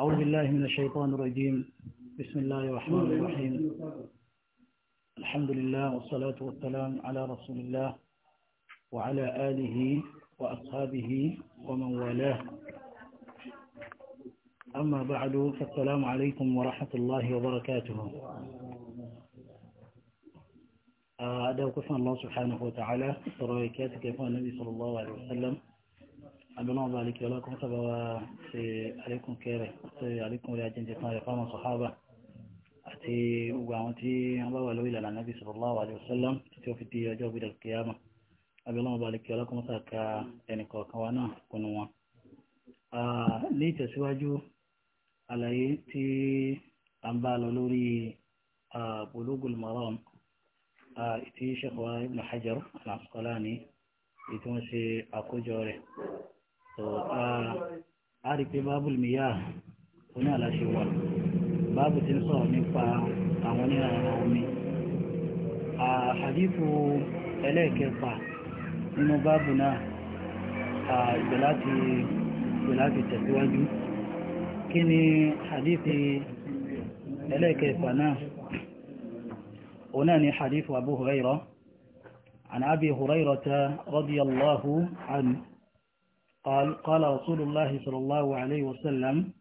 أعوذ بالله من الشيطان الرجيم بسم الله الرحمن الرحيم الحمد لله والصلاة والسلام على رسول الله وعلى آله وأصحابه ومن والاه أما بعد فالسلام عليكم ورحمة الله وبركاته آه، أدعوكم الله سبحانه وتعالى ترى كيف النبي صلى الله عليه وسلم abẹ́lọ́wọ́ bá alikẹ́ ọlọ́kọ́ sábà wá ṣe àlékún kẹrẹ ṣe àlékún rẹ̀ ajẹ́jẹ́ tán rẹ̀ fáwọn sọ̀hábà àti gbogbo àwọn tí wọ́n bá wà lórí ìlànà nàbí sallallahu alaihi wasallam títí ó fi di ọjọ́ ògbé dàkíyàmà abẹ́lọ́wọ́ bá alikẹ́ ọlọ́kọ́ sàkà ẹnì kọ̀ọ̀kan wa náà kunu wọn. ní ìtẹ̀síwájú àlàyé tí a ń bá lọ lórí bulugul maram tí Sheikh Ibn Hajar al-Asqalani ètò ń ṣe àkójọ rẹ̀ tó a rí pé bábùl mìíyà oní àlàṣe wà bábù ti ń sọ̀rọ̀ nípa àwọn onírànà omi àdífò ẹlẹ́ẹ̀kẹfà nínú bábù náà ìgbẹ̀ láti ìgbẹ̀ láti tẹ̀síwájú kí ni àdífì ẹlẹ́ẹ̀kẹfà náà وناني حديث أبو هريرة عن أبي هريرة رضي الله عنه قال قال رسول الله صلى الله عليه وسلم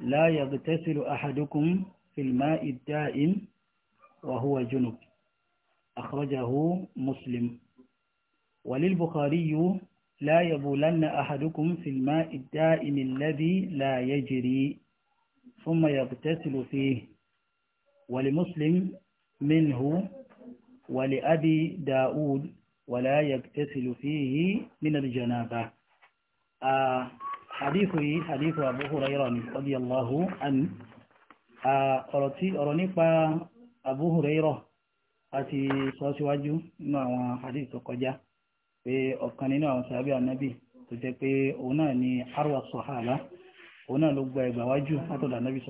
لا يغتسل أحدكم في الماء الدائم وهو جنب أخرجه مسلم وللبخاري لا يبولن أحدكم في الماء الدائم الذي لا يجري ثم يغتسل فيه ولمسلم منه ولأبي داود wàlá yagtasilu fihi min al-janaba hadithu yìí hadithu Abu Hurairah ni radiyallahu anhu ọ̀rọ̀ nípa Abu Hurairah àti sọ́síwájú nínú àwọn hadith tó kọjá pé ọ̀kan nínú àwọn sàábì ànábì tó jẹ́ pé òun náà ni arwa sọ̀hálà òun náà ló gba ẹgbà wájú látọ̀dọ̀ ànábì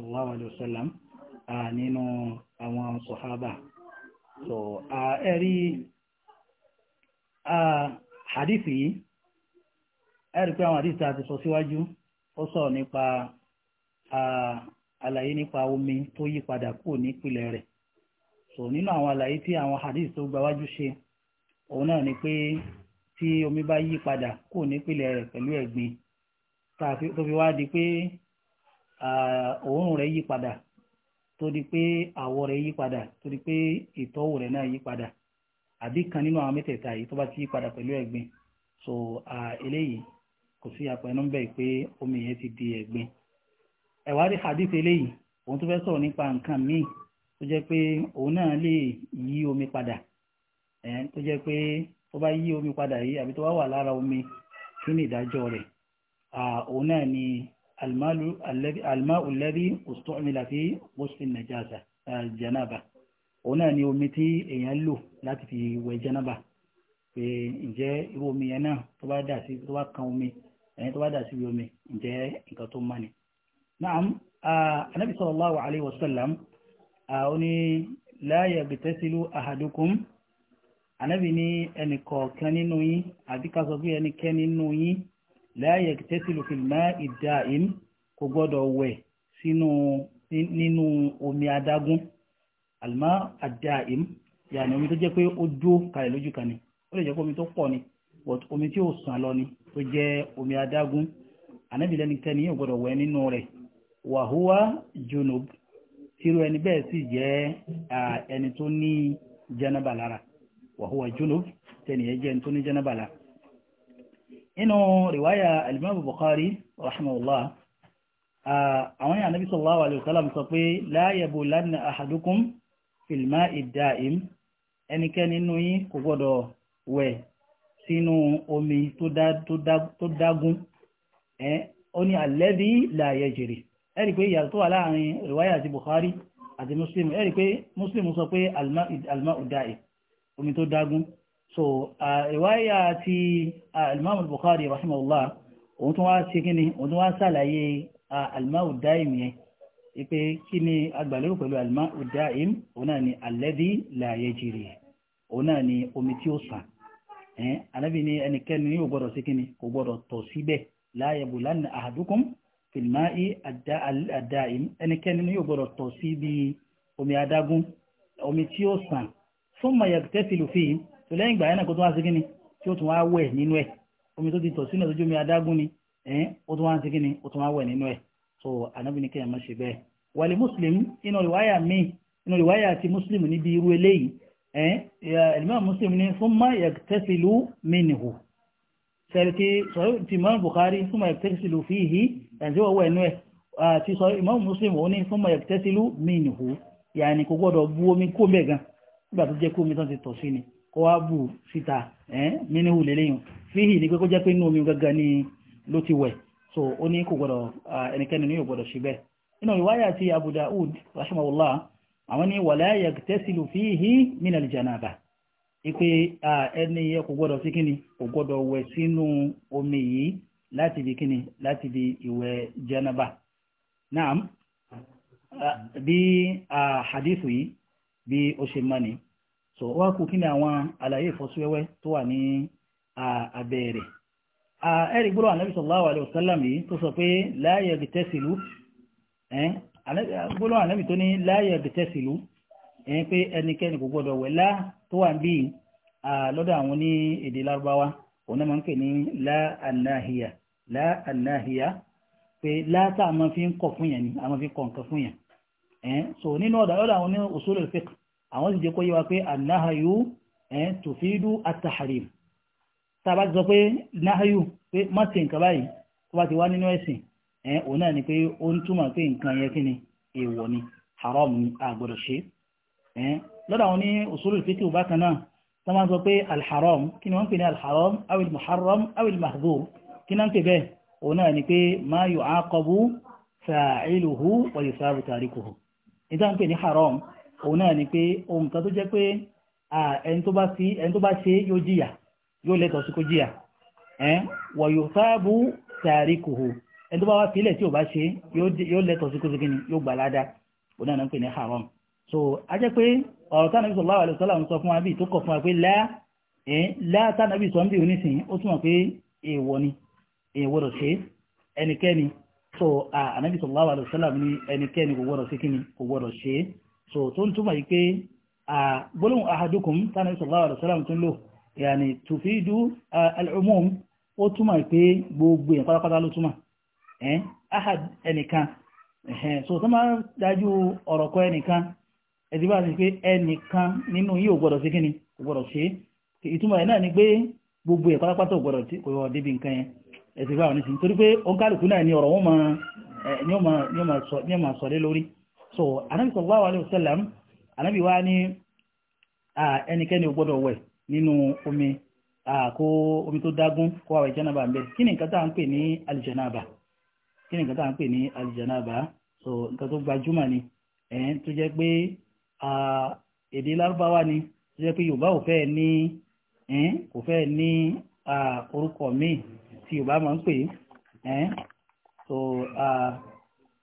so ẹ̀rí hadithi yìí ẹ̀rí pé àwọn hadithi tá a ti sọ síwájú ó sọ nípa àlàyé nípa omi tó yí padà kúrò nípìnlẹ̀ rẹ̀ so nínú àwọn àlàyé tí àwọn hadith tó gbáwájú ṣe òun náà ni pé tí omi bá yí padà kúrò nípìnlẹ̀ rẹ̀ pẹ̀lú ẹ̀gbin tó fi wá di pé òórùn rẹ̀ yí padà tó di pé àwọ̀ rẹ̀ yí padà tó di pé ìtọ́wò rẹ̀ náà yí padà àbí kan nínú àwọn mẹ́tẹ̀ẹ̀ta yìí tó bá ti padà pẹ̀lú ẹ̀gbin so eléyìí kò sí àpẹẹrẹ bẹ́ẹ̀ pé omi yẹn ti di ẹ̀gbin ẹ̀wá rí hadith eléyìí òun tó fẹ́ sọ̀rọ̀ nípa nǹkan míì tó jẹ́ pé òun náà lè yí omi padà tó jẹ́ pé tó bá yí omi padà yìí àbí tó bá wà lára omi kí ni ìdájọ́ rẹ̀ òun náà ni almaul ustu'mila fi ghusl najasa janaba òun náà ni omi tí èèyàn lò láti fi wẹ̀ jẹ́nàbà pé ǹjẹ́ irú omi yẹn náà tó bá dà sí tó bá kan omi ẹ̀yìn tó bá dà sí ibi omi ǹjẹ́ nǹkan tó mọ́ ni. naam anabi sallallahu alayhi wa sallam ó ní la yaghtasilu ahadukum anabi ní ẹnìkọ̀ọ̀kan nínú yín àbí ká sọ pé ẹnikẹ́ni nínú yín la yaghtasilu fil ma'i da'im kò gbọ́dọ̀ wẹ̀ sínú nínú omi adágún àlùmọ́ àdá ìm yàní omi tó jẹ́ pé ó dúró kalẹ̀ lójú kan ni ó lè jẹ́ pé omi tó pọ̀ ni but omi tí ó sàn lọ ni tó jẹ́ omi adágún ànábì lẹ́nikẹ́ni yóò gbọ́dọ̀ wẹ̀ nínú rẹ̀ wàhúwá junub tírú ẹni bẹ́ẹ̀ sì jẹ́ ẹni tó ní jẹ́nàbà lára wàhúwá junub tẹni ẹ jẹ́ ẹni tó ní jẹ́nàbà inú rìwáyà alimami Bukhari rahimahullah àwọn yàrá ànábì sallallahu alayhi wa sọ pé la yabulanna ahadukum Filma idaim, ẹnikẹ́ni nínú yín kò gbọ́dọ̀ wẹ̀ sínú omi tó dágún ẹ́ ó ní alẹ́bí láàyè jèrè ẹ̀rí pé ìyàtọ̀ tó wà láàrin rìwáyà àti Bukhari àti Muslim ẹ̀rí pé Muslim sọ pé alma ìdáìm omi tó dágún so rìwáyà àti Imam Bukhari rahimahullah òun tó wá ṣe kí ni òun tó wá ṣàlàyé alma ìdáìm yẹn ipe kí ni agbàlérò pẹ̀lú àlùmá ọ̀dáìm òun náà ni alẹ́dí làyè jìrì òun náà ni omi tí ó sàn ẹ̀ẹ́n anábì ni ẹnikẹ́ni ní ògbọ́dọ̀ sí kí ni kò gbọ́dọ̀ tọ̀ síbẹ̀ láàyè bù lánàá àdúkùn fìlímà í àdáìm ẹnikẹ́ni ní ògbọ́dọ̀ tọ̀ sí bí omi adágún omi tí ó sàn fún mayagtẹ́ filofi tó lẹ́yìn ìgbà yẹn náà kó tó wá sí kí ni tí ó tún wá wẹ̀ nínú ẹ̀ omi tó ti tọ̀ sínú ẹ̀ tó jómi adágún ni ẹ̀ẹ́n ó tún wá sí kí ni ó tún wá wẹ̀ nínú ẹ̀ so ànábì ní kéèyàn má ṣe bẹ́ẹ̀ wàlẹ̀ muslim inú ìwáyà mi inú ìwáyà àti muslim níbi irú eléyìí ẹ̀ẹ́dìmọ́ muslim ní thumma yagtasilu minhu sẹ́ríkì sọ̀rọ̀ ti imam bukhari thumma yagtasilu fihi ẹ̀ǹtí wọ́wọ́ ẹ̀nu ẹ̀ àti sọ imam muslim òun ní thumma yagtasilu minhu yàní kò gbọ́dọ̀ bu omi kó mbẹ̀ gan nígbà tó jẹ́ kó omi tán ti tọ̀ sí ni kó wá bu síta minhu lélẹ́yìn fihi ni pé kó jẹ́ pé inú omi gangan ni ló ti wẹ̀ so ó ní kò gbọdọ̀ ẹnikẹ́ni ní ògbọdọ̀ ṣe bẹ́ẹ̀ nínú ìwáyà ti Abu Daud rahimahullah àwọn ní wala yaghtasilu fihi min al-janaba ipe ẹni yẹ kò gbọdọ̀ sí kíni kò gbọdọ̀ wẹ̀ sínú omi yìí láti di kíni láti di ìwẹ̀ janaba naam bí hadith yìí bí ó ṣe mọ́ ni so wá kú kíni àwọn àlàyé ìfọ́síwẹ́wẹ́ tó wà ní abẹ́rẹ́ ẹ̀rí gbọ́dọ̀ ànábì sallallahu alaihi wasallam yìí tó sọ pé la yaghtasilu gbọ́dọ̀ ànábì tó ní la yaghtasilu ẹ̀yìn pé ẹnikẹ́ni kò gbọ́dọ̀ wẹ̀ lá tó wà bí lọ́dọ̀ àwọn ní èdè lárúbáwá òun náà máa ń pè ní la annahiya la annahiya pé látà àmọ́ fi ń kọ̀ fún yẹn ni àmọ́ fi ń kọ̀ nǹkan fún yẹn ẹ̀ẹ́n tàbá ti sọ pé náhayù pé má ṣe nǹkan báyìí tó bá ti wá nínú ẹ̀sìn ẹ̀ òun náà ni pé ó ń túmọ̀ pé nǹkan yẹn kí ni èèwọ̀ ni haram ni a gbọ́dọ̀ ṣe ẹ̀ lọ́dọ̀ àwọn ní òṣòro ìfẹ́kì ò bákan náà tó máa ń sọ pé alharam kí ni wọ́n ń pè ní alharam awil muharram awil mahzur kí náà ń pè bẹ́ẹ̀ òun náà ni pé má yu'aqabu fa'iluhu wa yusabu tarikuhu ìdá ń pè ní haram yóò lẹ́tọ̀ọ́ sí kó jìyà wa yusabu tarikuhu ẹni tó bá wá sílẹ̀ tí ò bá ṣe yóò lẹ́tọ̀ọ́ sí kó sígi yóò gbà ládàá òun náà ní haram so a jẹ́ pé ọ̀rọ̀ tánàbí sallallahu alaihi wasallam ń sọ fún wa bí tó kọ̀ fún wa pé lá lá tánàbí sọ ń bí onísìn ó túnmọ̀ pé èèwọ̀ ni èèwọ̀ rọ̀ ṣe ẹnikẹ́ni so ànábì sallallahu alaihi wasallam ní ẹnikẹ́ni kò gbọ́dọ̀ sí kíni kò gbọ́dọ̀ ṣe so tó ń túmọ̀ yìí pé gbólóhùn ahadukum tánàbí sallallahu alaihi wasallam tún lò yàní tùfídù al-umum ó túmọ̀ pé gbogbo yẹn pátápátá ló túmọ̀ ahad ẹnìkan so tó máa dájú ọ̀rọ̀ kọ ẹnìkan ẹ̀dí bá ti pé ẹnìkan nínú yìí ò gbọ́dọ̀ sí kíni ò gbọ́dọ̀ ṣe ìtumọ̀ ẹ̀ náà ni pé gbogbo ẹ̀ pátápátá ò gbọ́dọ̀ kò yọ débi nǹkan yẹn ẹ̀sìn báwọn ní sí torí pé oníkálùkù náà ni ọ̀rọ̀ wọn máa ni ó máa sọ lé lórí so anabi sallallahu alaihi wasallam anabi wa ni ẹnikẹ́ni ò gbọ́dọ̀ wẹ̀ nínú omi àkó omi tó dágún kó àwẹ̀ jẹ́nàbà ń bẹ kí ni nǹkan tá à ń pè ní alìjẹ̀nàbà kí ni nǹkan tá à ń pè ní alìjẹ̀nàbà so nǹkan tó gbajúmọ̀ ni ẹ̀ẹ́n tó jẹ́ pé èdè lárúbáwá ni tó jẹ́ pé yorùbá ò fẹ́ ní ẹ̀ẹ́n kò fẹ́ ní orúkọ míì tí yorùbá máa ń pè ẹ̀ẹ́n so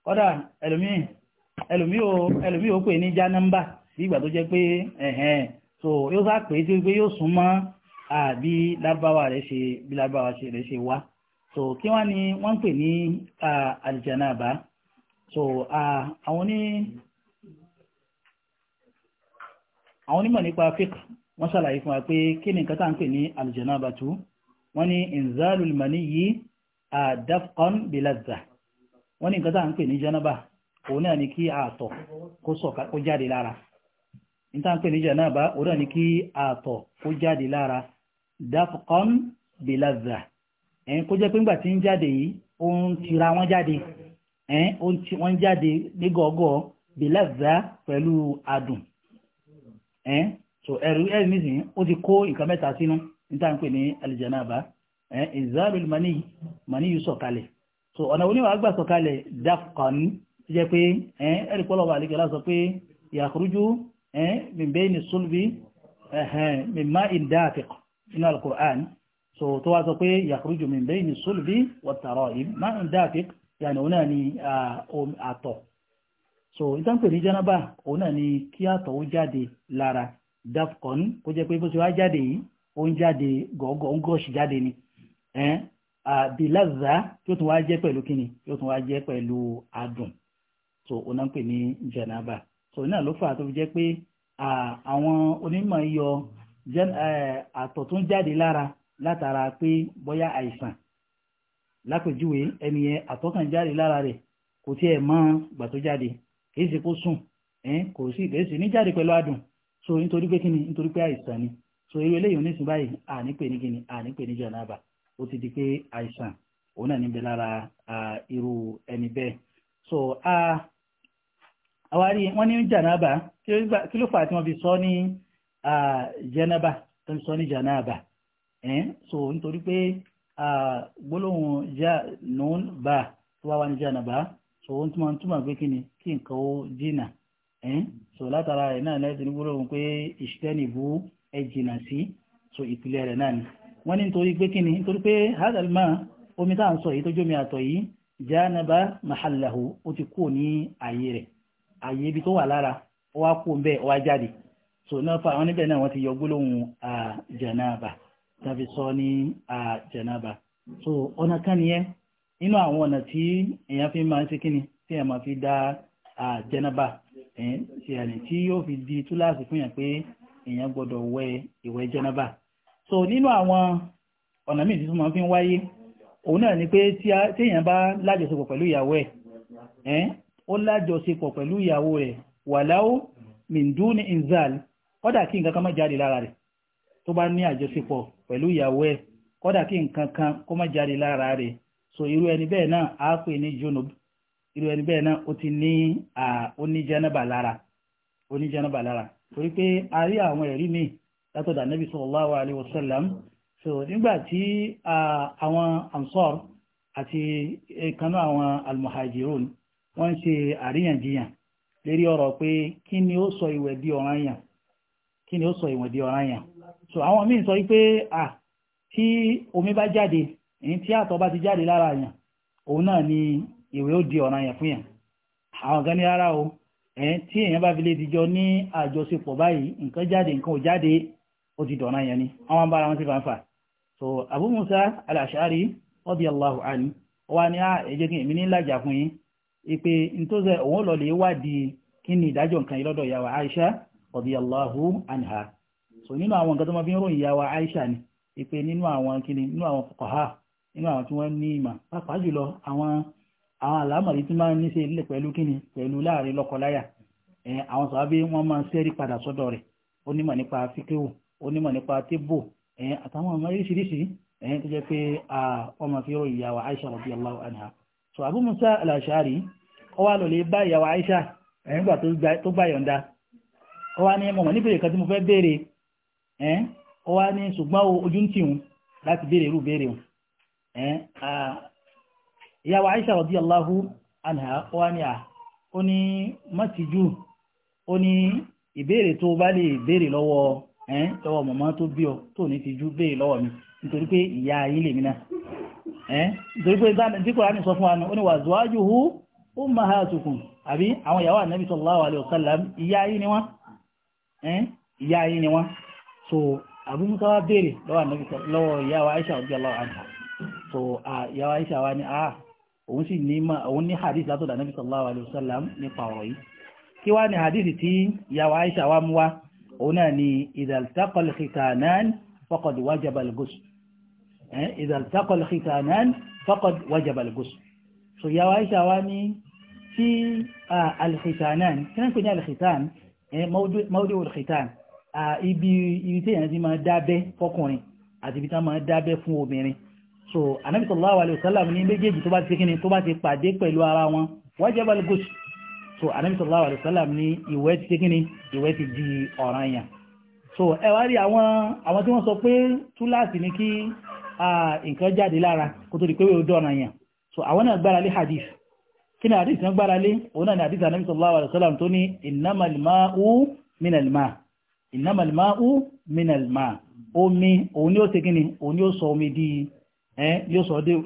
kódà ẹlòmíì ẹlòmíì ò pè ní jánàmbà bí ìgbà tó jẹ́ pé ẹ̀ẹ́n so yóò sá pé tí pé yóò sún mọ́ àbí lábáwá rẹ̀ ṣe bí lábáwá rẹ̀ ṣe wá so kí wọ́n ní wọ́n ń pè ní àlìjànàbá so àwọn ní àwọn onímọ̀ nípa fiqh wọ́n ṣàlàyé fún wa pé kí ni nǹkan tá à ń pè ní aljanabatu wọ́n ní inzalul maniyyi dafqan biladza wọ́n ní nǹkan tá à ń pè ní janaba òun náà ni kí àtọ̀ kó jáde lára nítaǹpẹ̀ ní jẹ̀nàbá òun ní kí àtọ̀ kó jáde lára dafqan biladha ẹ̀yìn kó jẹ́ pé ńgbà tí ń jáde yìí ó ń tira wọn jáde ẹ̀yìn ó ń ti wọn jáde ní gọ́gọ́ biladha pẹ̀lú adùn ẹ̀yìn so ẹ̀rù ẹ̀rù nísìnyí ó ti kó nǹkan mẹ́ta sínú nítaǹpẹ̀ ní alìjẹ̀nàbá ẹ̀yìn ìzáàlù mani mani yìí sọ̀kalẹ̀ so ọ̀nà oníwà àgbà sọ̀kalẹ̀ dafqan ti jẹ́ pé ẹ̀yìn ẹ̀rù pọ́lọ́ Eh? min bayni sulbi eh, eh, min ma'in dafiq inú al so tó wá sọ pé yakhruju min bayni sulbi wat-tara'ib ma'in dafiq yàní òun náà ah, so ìtànpè ní jẹ́nàbà òun náà ni kí àtọ̀ ó jáde lára dafcon kó jẹ́ pé bó ṣe wá jáde yìí ó ń jáde gọ́gọ́ ń gọ́ọ̀ṣì ni àbíláza tí ó tún wá jẹ́ pẹ̀lú kíni tí ó tún wá jẹ́ pẹ̀lú adùn so òun náà ń pè so náà ló fà á tó fi jẹ́ pé àwọn onímọ̀ yọ àtọ̀ tó ń jáde lára látara pé bóyá àìsàn lápèjúwe ẹni yẹn àtọ̀ kan jáde lára rẹ̀ kò tiẹ̀ mọ̀ gbà tó jáde kì í ṣe kó sùn kò sí ìgbésí ní jáde pẹ̀lú adùn so nítorí pé kíni nítorí pé àìsàn ni so irú eléyìí oníṣùn báyìí àní pè ní kíni àní pè ní jàǹdàbà ó ti di pé àìsàn òun náà níbẹ̀ lára irú ẹni bẹ́ẹ̀ so. Uh, àwárí wọ́n ní jànáàbà kí ló fà á tí wọ́n fi sọ ní jẹ́nàbà tó fi sọ ní jànáàbà ẹ̀ so nítorí pé gbólóhùn já nùún bá tó wá wá ní jànáàbà so wọ́n túmọ̀ túmọ̀ pé kí ni kí nǹkan ó jìnà ẹ̀ so látara rẹ̀ náà lẹ́sìn ní gbólóhùn pé ìṣítẹ́nìbù ẹ̀ jìnà sí so ìpìlẹ̀ rẹ̀ náà ni wọ́n ní nítorí pé kí ni nítorí pé hadalma omi tá à ń sọ yìí tó jómi àtọ̀ yìí jánaba mahalahu ó ti kú ní ààyè rẹ̀ àyè ibi tó wà lára ó wá kó bẹ́ẹ̀ ó wá jáde so náà fa àwọn níbẹ̀ náà wọ́n ti yọ gbólóhùn janaba tàbí sọ ní janaba so ọ̀nà kan nìyẹn nínú àwọn ọ̀nà tí èèyàn fi máa ń ṣe kíni tí èèyàn máa fi dá janaba ṣe àní tí yóò fi di túláàsì fún yàn pé èèyàn gbọ́dọ̀ wẹ ìwẹ̀ janaba so nínú àwọn ọ̀nà míì tuntun máa fi ń wáyé òun náà ni pé tí èèyàn bá lájọṣepọ̀ pẹ̀lú ìyàwó ẹ̀ ó lájọṣepọ̀ pẹ̀lú ìyàwó rẹ̀ wàláwó mìndúni inzal kọ́dà kí nǹkan kan má jáde lára rẹ̀ tó bá ní àjọṣepọ̀ pẹ̀lú ìyàwó ẹ̀ kọ́dà kí nǹkan kan kó má jáde lára rẹ̀ so irú ẹni bẹ́ẹ̀ náà á pè ní junub irú ẹni bẹ́ẹ̀ náà ó ti ní oníjẹ́nàbà lára oníjẹ́nàbà lára torí pé a rí àwọn ẹ̀rí mi látọ̀dà nabi sallallahu alayhi sallam so nígbà tí àwọn ansor àti ìkànnà àwọn almuhajirun wọ́n ń ṣe àríyànjiyàn lérí ọ̀rọ̀ pé kí ni ó sọ ìwẹ̀ di ọ̀ranyàn kí ni ó sọ ìwẹ̀ di ọ̀ranyàn so àwọn míì sọ pé à tí omi bá jáde èyí tí àtọ̀ bá ti jáde lára yàn òun náà ni ìwẹ̀ ó di ọ̀ranyàn fún yàn àwọn kan ní rárá o ẹ̀yìn tí èèyàn bá fi lè dìjọ ní àjọṣepọ̀ báyìí nǹkan jáde nǹkan ò jáde ó ti dọ̀nà yẹn ni àwọn bára wọn ti fàǹfà so Abu Musa al-Ash'ari radiyallahu anhu wà ní ẹjẹ́ kí èmi ní lájà fún yín ipe ntòzẹ òun lọ lè wádìí kí ni ìdájọ́ nǹkan yìí lọ́dọ̀ ìyá wa Aisha so nínú àwọn nǹkan tó máa fi Aisha ni ipe nínú àwọn kíni nínú àwọn fuqaha nínú àwọn tí wọ́n ní ìmọ̀ pàápàá jùlọ àwọn àwọn àlámọ̀rí tí máa ń ní ṣe pẹ̀lú kíni pẹ̀lú láàrin lọ́kọláyà àwọn sàbí wọn máa ń sẹ́rí padà sọ́dọ̀ rẹ̀ onímọ̀ nípa fíkéwù onímọ̀ nípa tébù àtàwọn ọmọ oríṣiríṣi tó jẹ́ pé Aisha anha so Abu Musa al-Ash'ari ó wá lọ́lẹ̀ bá ìyàwó Aisha ẹ̀yìngbà tó gbà yọ̀ǹda ó wá ní mọ̀mọ̀ kan tí mo fẹ́ béèrè ó wá ní ṣùgbọ́n ojú ń tì láti béèrè irú béèrè Aisha anha ó wá ní à ó ní mọ́tìjú ó ní tó bá lè lọ́wọ́ lọ́wọ́ mọ̀mọ́ tó bí ọ tó ní ti lọ́wọ́ mi Eh? nítorí pé ìdáni tí kòránì sọ fún wa ní wà zuwajuhu ummahatukum àbí àwọn ìyàwó ànábì sallallahu alaihi wasallam ìyá yìí ni wọ́n eh? ìyá yìí ni wọ́n so abúmúta wá béèrè lọ́wọ́ ìyàwó aisha radiyallahu anha so ìyàwó aisha wa ni ah òun sì ní ma òun ní hadith látọ̀dọ̀ ànábì sallallahu alaihi wasallam nípa ọ̀rọ̀ yìí kí wá ní hadith tí ìyàwó aisha wa mú wa òun náà ni idha iltaqa al إذا التقى الختانان فقد وجب الغسل so يا waisha wa ni fi alkhitanan kina kunya alkhitan mawdu alkhitan ibi ibi te yanzu ma dabe fọ́kùnrin àti ibi ta ma dabe fún obìnrin so anabi sallallahu alaihi wasallam ni méjèèjì tó bá ti kini tó bá ti pàdé pẹ̀lú ara wọn wajaba alghus so anabi sallallahu alaihi wasallam ni ìwẹ̀ ti kini ìwẹ̀ ti di ọ̀ranyàn so ẹ wá rí àwọn àwọn tí wọ́n sọ pé túláàsì ni kí nǹkan jáde lára kó tó di pé ó dọ́nà yàn so àwọn náà gbára lé hadith kí ni hadith náà gbára lé òun náà ni hadith anabi sallallahu alaihi wasallam tó ní innamal ma'u minal ma innamal ma'u omi òun ni ó ṣe kíni òun ni ó sọ omi di ẹ́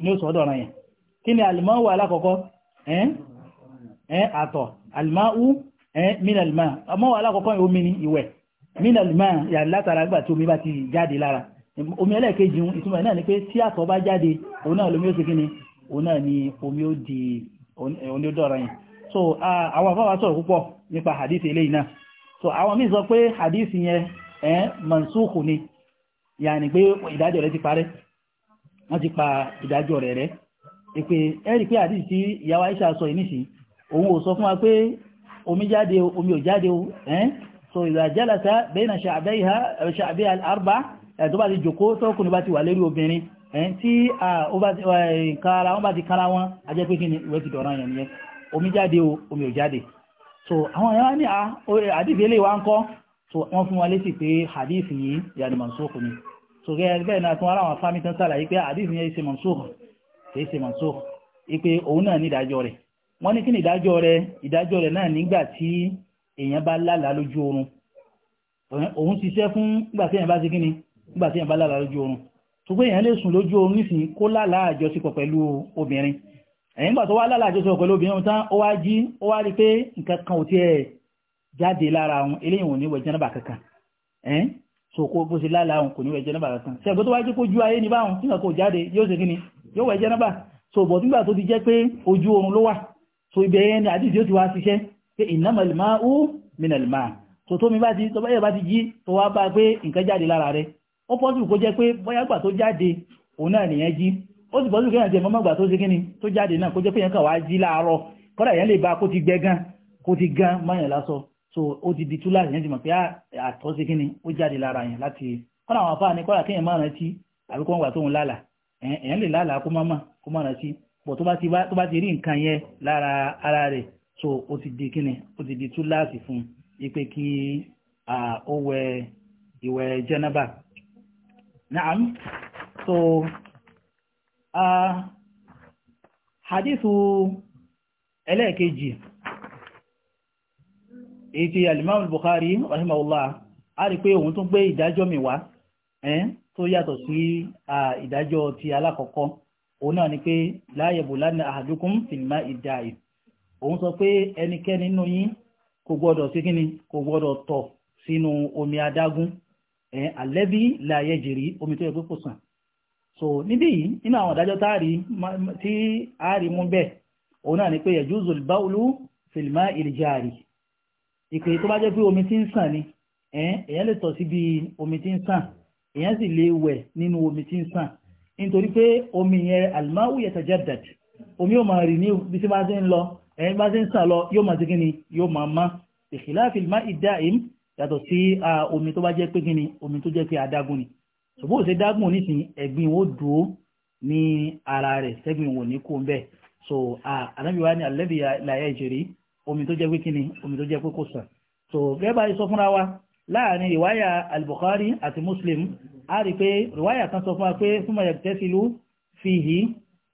ni ó sọ dọ́nà yàn kí ni alimau alákọ̀ọ́kọ́ ẹ́ àtọ̀ alimau minal ma ọmọ alákọ̀ọ́kọ́ omi ni ìwẹ̀ minal ma yà látara gbà ti jáde lára omi ẹlẹ́ẹ̀kejì ìtumọ̀ náà ni pé tí àtọ̀ bá jáde òun náà lómi ó ṣe kíni òun náà ni omi ó di omi ó dọ̀rọ̀ yẹn so àwọn àbáwá sọ̀rọ̀ púpọ̀ nípa hadith eléyìí náà so àwọn míì sọ pé hadith yẹn ẹ̀ mansukh ni yàní pé ìdájọ́ rẹ̀ ti parẹ́ wọ́n ti pa ìdájọ́ rẹ̀ rẹ́ ìpè ẹ̀rí pé hadith tí ìyàwó Aisha sọ yìí nísìnyí òun ò sọ fún wa pé omi jáde omi ò jáde ẹ̀ so ìdájálàta bayna sha'bayha sha'biha al-arba' Eh, tó bá ti jòkó tọ́kùn bá ti wà lérí obìnrin ẹ̀yìn eh, tí eh, kára wọn bá ti kára wọn a jẹ́ pé kí ni ìwé ti dọ̀ràn yẹn nìyẹn omi jáde o omi ò jáde so àwọn èèyàn ní àdìsí ah, eléyìí wá ń kọ́ so wọ́n fún wa létí pé àdìsí yìí yàrá mọ̀nsókù ni so gẹ́gẹ́ bẹ́ẹ̀ náà tí wọ́n ráwọn fámi tán sàlàyé pé àdìsí yẹn ṣe mọ̀nsókù kìí ṣe mọ̀nsókù ipe òun náà ní ìdájọ́ rẹ̀ wọ́n ní kí ni ìdájọ́ rẹ̀ ìdájọ́ rẹ̀ náà nígbà tí èèyàn bá lálàá nígbà tí èèyàn bá lálàá lójú oorun ṣùgbọ́n èèyàn lè sùn lójú oorun nísìnyí kó lálàá àjọṣepọ̀ pẹ̀lú obìnrin ẹ̀yìn gbà tó wá lálàá àjọṣepọ̀ pẹ̀lú obìnrin tán ó wá jí ó wá rí pé nǹkan kan ò tiẹ̀ jáde lára òun eléyìí ò ní wẹ̀ jẹ́nàbà kankan ẹ̀yìn so kó bó ṣe lálàá òun kò ní wẹ̀ jẹ́nàbà kankan ṣe àgbẹ̀ tó wá jẹ́ kó ju ayé ní báwọn nígbà kó jáde yóò ṣe kíni yóò wẹ̀ ó pọ́sùn kó jẹ́ pé bọ́yàgbà tó jáde òun náà nìyẹn jí ó sì pọ́sùn kéèyàn jẹ mọ́mọ́gbà tó ṣe kíni tó jáde náà kó jẹ́ pé yẹn jí láàárọ̀ kọ́dà yẹn lè ba kó ti gbẹ gan kó ti gan mọ́yàn lásọ so ó ti di túlá yẹn ti mọ̀ pé ah, àtọ̀ ṣe kíni ó jáde lára yẹn láti kọ́dà àwọn afáà ni kọ́dà kéèyàn má rántí àbí kó ń gbà tóun lálàá èèyàn lè lálàá kó má mọ̀ kó má rántí bọ̀ tó bá ti rí nǹkan yẹn lára ara rẹ̀ so ó ti di kíni ó ti di túláàsì fún ipe kí ó wẹ ìwẹ̀ jẹ́nàbà نعم so uh, hadithu ẹlẹ́ẹ̀kejì ètì alimam Bukhari rahimahullah a rí pé òun tún gbé ìdájọ́ mi wá ẹ́n tó yàtọ̀ sí ìdájọ́ ti alákọ̀ọ́kọ́ òun náà ni pé la yabulanna ahadukum fil ma'i da'i òun sọ pé ẹnikẹ́ni nínú yín kò gbọ́dọ̀ sí kíni kò gbọ́dọ̀ tọ̀ sínú omi adágún àlẹ́bí láyé jèrè omi tó yẹ pé kò sàn so níbí yìí nínú àwọn àdájọ́ tí a rí mú bẹ́ẹ̀ òun náà ni pé yajuzul bawlu fil ma'il jari ìpè tó bá jẹ́ pé omi tí ń sàn ni èèyàn lè tọ̀ síbi omi tí ń sàn èèyàn sì lè wẹ̀ nínú omi tí ń sàn nítorí pé omi yẹn alma'u yatajaddad omi yóò máa renew bí sí bá ti ń lọ ẹ̀yìn bá ti ń sàn lọ yóò máa ti kí ni yóò máa má ikhlafil ma'i da'im yàtọ̀ sí omi tó bá jẹ́ pé kí ni omi tó jẹ́ pé adágún ni ṣùgbọ́n òṣè dágùn nísìn ẹ̀gbin ó dúró ní ara rẹ̀ sẹ́gbin wò ní kó ń so anábìwá ni alẹ́bí làyà ìṣeré omi tó jẹ́ pé kí ni omi tó jẹ́ pé kò sàn so bẹ́ẹ̀ bá sọ fúnra wa láàrin ìwáyà al-Bukhari àti Muslim a rí pé ìwáyà kan sọ fún wa pé fún mayà tẹ́sílú fìhí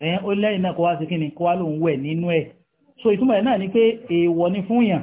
ẹ̀yìn ó lẹ́yìn náà kó wá sí kí ni kó wá lóun wẹ̀ nínú ẹ̀ so ìtumọ̀ ẹ̀ náà ni pé èèwọ̀ ni fún yàn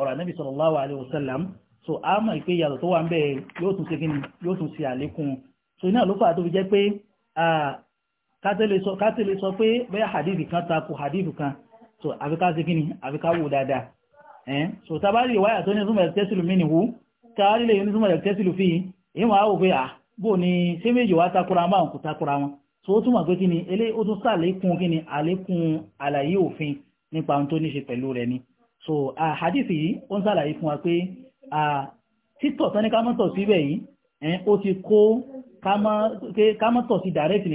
ọ̀rọ̀ anábì sallallahu alaihi wasallam so a mọ̀ pé ìyàtọ̀ tó wà ń bẹ̀ yóò tún ṣe kí ni yóò tún ṣe àlékún so iná ló fà tó fi jẹ́ pé kátẹ́lẹ̀ sọ pé bẹ́ẹ̀ hadithi kan takò hadithi kan so àfi ká ṣe kí ni àfi ká wò dáadáa ẹ̀ so tá a bá rí ìwáyà tó ní súnmọ̀ ẹ̀tẹ́sìlù mí nìwú ká rí lè ní súnmọ̀ ẹ̀tẹ́sìlù fi ìwọ̀n á wò pé à bò ní ṣé méjì wá takora máa kò takora wọn so ó túmọ̀ pé kí ni eléyìí ó tún sàlékún kí ni àlékún àlàyé òfin nípa ohun tó ní ṣe pẹ̀lú rẹ̀ ni so a yìí ó ń sàlàyé fún wa pé títọ̀ tán ní ká mọ́tọ̀ síbẹ̀ yìí ó ti kó ká sí direct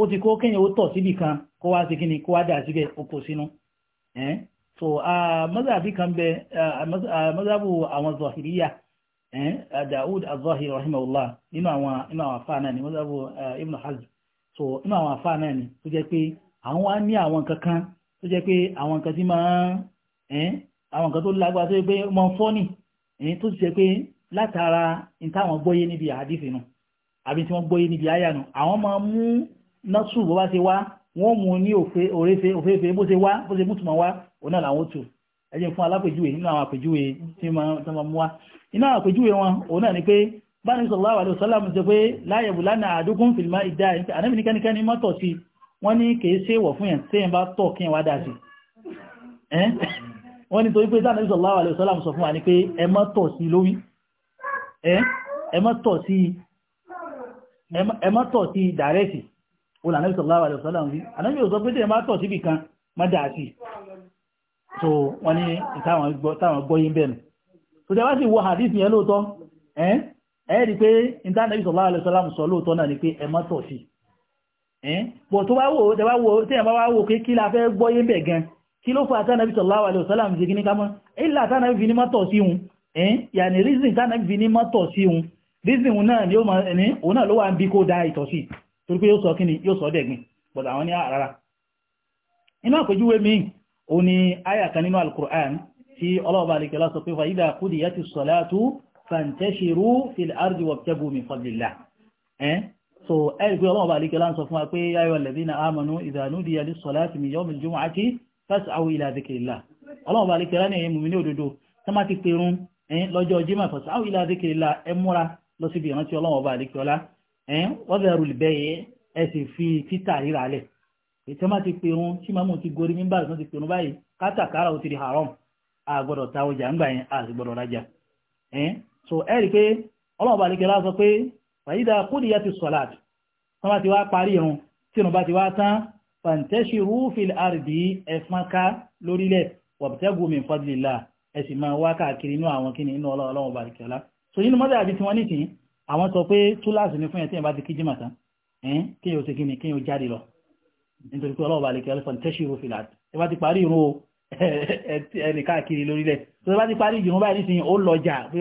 ó ti kó kéèyàn ó tọ̀ síbì kan kó wá sí kíni kó wá dà síbẹ̀ so mọ́sàbí kan bẹ mọ́sàbù àwọn zọ̀hìríyà Dawud az rahimahullah nínú àwọn àfáà náà ni mọ́sàbù Ibn so nínú àwọn náà ni tó jẹ́ pé àwọn ní àwọn kankan tó jẹ́ pé àwọn kan àwọn nǹkan tó lágbára tó yẹ pé mọ fọ́nì tó ti ṣe pé látara ní táwọn gbọ́yé níbi àdìsí nu àbí tí wọ́n gbọ́yé níbi àyà nu àwọn máa mú nọ́ọ̀sù bó bá ṣe wá wọ́n mú ní òféèfé òféèfé bó ṣe wá bó ṣe mútùmọ̀ wá òun náà làwọn ó tù ẹ jẹ́ fún alápèjúwe nínú àwọn àpèjúwe tí wọ́n máa mú wá nínú àwọn àpèjúwe wọn òun náà ni pé báni sallallahu alaihi wasallam ṣe pé láyẹ̀bù lánàá àdúgún fìlmá ìdá ẹ̀ ànábì ní kẹ́nikẹ́ni mọ́tọ̀ sí wọ́n ní kèé ṣe wọ̀ fún yẹn tí yẹn bá tọ̀ kí yẹn wá dáa sí wọ́n ní torí pé sáà nàbí sallallahu alaihi wasallam sọ fún wa ní pé ẹ má tọ̀ sí lórí ẹ má tọ̀ sí ẹ má tọ̀ sí dàrẹ́tì olà nàbí sallallahu alaihi wasallam rí ànábì ò sọ pé ẹ má tọ̀ síbì kan má dà sí so wọ́n ní táwọn gbọ́yé bẹ́ẹ̀ so tẹ́wá sì wo hadith yẹn lóòótọ́ ẹ́ rí pé ìtànàbí sallallahu alaihi wasallam sọ lóòótọ́ náà ni pé ẹ má tọ̀ sí ẹ́ pọ̀ tó bá wò tẹ́wá wò tẹ́yàn bá wá wò kékeré afẹ́ gbọ́yé bẹ́ẹ̀ gan kí ló fà tánàbí sallallahu alaihi wasallam ṣe gíní kámọ́ ilá tánàbí fi ní mọ́tọ̀ sí hun ẹ́n yàní reason tánàbí fi ní mọ́tọ̀ sí hun reason hun náà ni ó ma ẹni òun náà ló wà ń bí kó da ìtọ̀ sí torí pé yóò sọ kíni yóò sọ dẹ̀gbìn bọ̀dọ̀ àwọn ní àrárá ah, inú àpèjúwe mi ò ní àyà kan nínú alukur'an tí ọlọ́ọ̀bà àlekè lọ́sọ pé fa idha qudiyati salatu fantashiru fil ardi wabtagu min fadlillah ẹ́n so ẹ̀rí pé ọlọ́ọ̀bà àlekè lọ́sọ fún wa pé ya ayyuhal ladhina amanu idha nudiya lis-salati min yawmil jumu'ati fas'aw ila dhikrillah ọlọ́run bá lè ní ẹ̀yìn mùmíní òdodo tó ti perun ẹ̀yìn lọ́jọ́ jimá ila dhikrillah ẹ múra lọ síbi ìrántí ọlọ́run bá fi títà ríra lẹ̀ ti perun ti gorí mímbà tó ti perun báyìí kátàkárà ó ti di haram àgbọ̀dọ̀ ta so fàǹtẹ́ṣirú fil ardi ẹ̀fọ́nká lórílẹ̀ wabtagu min fadlillah ẹ sì máa wá káàkiri inú àwọn kíni inú ọlọ́run barakẹ́lá so inú mọ́tò àbí tí wọ́n ní tì í àwọn sọ pé túláàsì ni fún yẹn tí yẹn bá ti kí jìmọ̀ tán kéèyàn ó ṣe kíni kéèyàn ó jáde lọ nítorí pé ọlọ́run barakẹ́lá fàǹtẹ́ṣirú fil ardi ẹ bá ti parí irun o ẹni káàkiri lórílẹ̀ tó bá ti parí ìjùmọ̀ báyìí nísìnyí ó lọ jà bí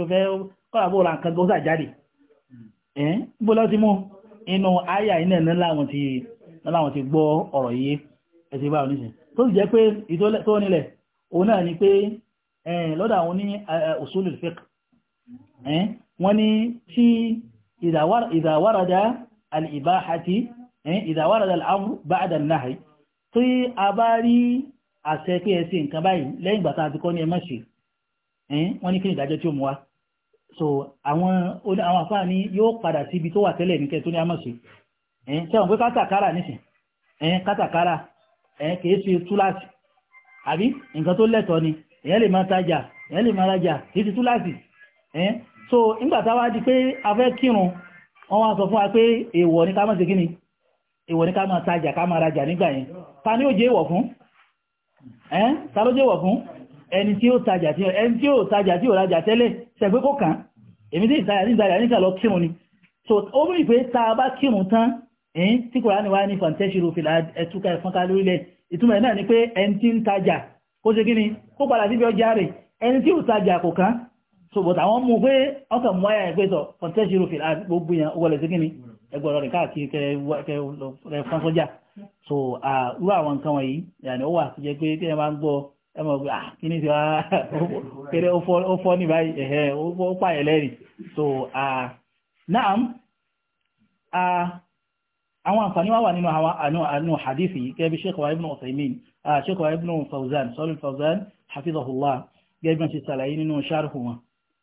láwọn ti gbọ́ ọ̀rọ̀ yìí ẹ̀sìn báwọn níṣẹ́ tó sì jẹ́ pé tó nílẹ̀ òun náà ni pé lọ́dọ̀ àwọn ní usulul fiqh wọ́n ní tí idha warada al-ibahati idha warada al-amru ba'da an-nahy tí a bá rí àṣẹ pé ẹ̀sìn nǹkan báyìí lẹ́yìn ìgbà tá kọ́ ní ẹ má wọ́n ní kí ni ìdájọ́ tí ó mú wa so àwọn àwọn àfáà ní yóò padà síbi tó wà tẹ́lẹ̀ nìkẹ́ tó ní a má ẹ̀yìn tẹ́wọ̀n pé kátàkárà nísìn ẹ̀yìn kátàkárà ẹ̀yìn kìí ṣe túláàsì àbí nǹkan tó lẹ́tọ̀ọ́ ni èyàn lè máa tajà èyàn lè máa rajà kìí ṣe túláàsì ẹ̀yìn so nígbà táwa di pé a fẹ́ kírun wọ́n wá sọ fún wa pé èèwọ̀ ni ká máa ṣe kíni èèwọ̀ ni ká máa tajà ká máa rajà nígbà yẹn ta ni ó jẹ́ èèwọ̀ fún ẹ̀yìn ta ló jẹ́ èèwọ̀ fún ẹni tí ó tajà tí ẹni tí ó tajà tí ó rajà tẹ́lẹ̀ ṣẹ̀gbẹ́ kó kàn èmi tí ìtajà ní ìtajà níkà lọ kírun ni so ó rí i pé tá a bá kírun tán ẹ̀yìn tí kòránì wá ní fàntẹ́ṣìrò fìlà ẹ̀túkà ẹ̀fọ́nká lórílẹ̀ ìtumọ̀ náà ni pé ẹni tí ń tajà kó ṣe kí ni kó padà síbi ọjà rẹ̀ ẹni tí ò tajà kò kán ṣòbòtà àwọn mú pé ọkàn mú ayà ẹgbẹ́ sọ fàntẹ́ṣìrò fìlà gbogbo yẹn wọlé kí ni so irú àwọn nǹkan wọ̀nyí yàní ó wà tó jẹ́ pé tí ẹ máa ń gbọ́ ni ti wá kéré ó fọ́ ní báyìí ẹ̀hẹ́ ó pààyàn lẹ́rìn so naam àwọn àǹfààní wà wà nínú àwọn hadith yìí gẹ́gẹ́ bí sheikh wa ibn Uthaymin sheikh wa ibn Fawzan Salih Fawzan hafizahullah gẹ́gẹ́ bí wọ́n ti sàlàyé nínú sharhu wọn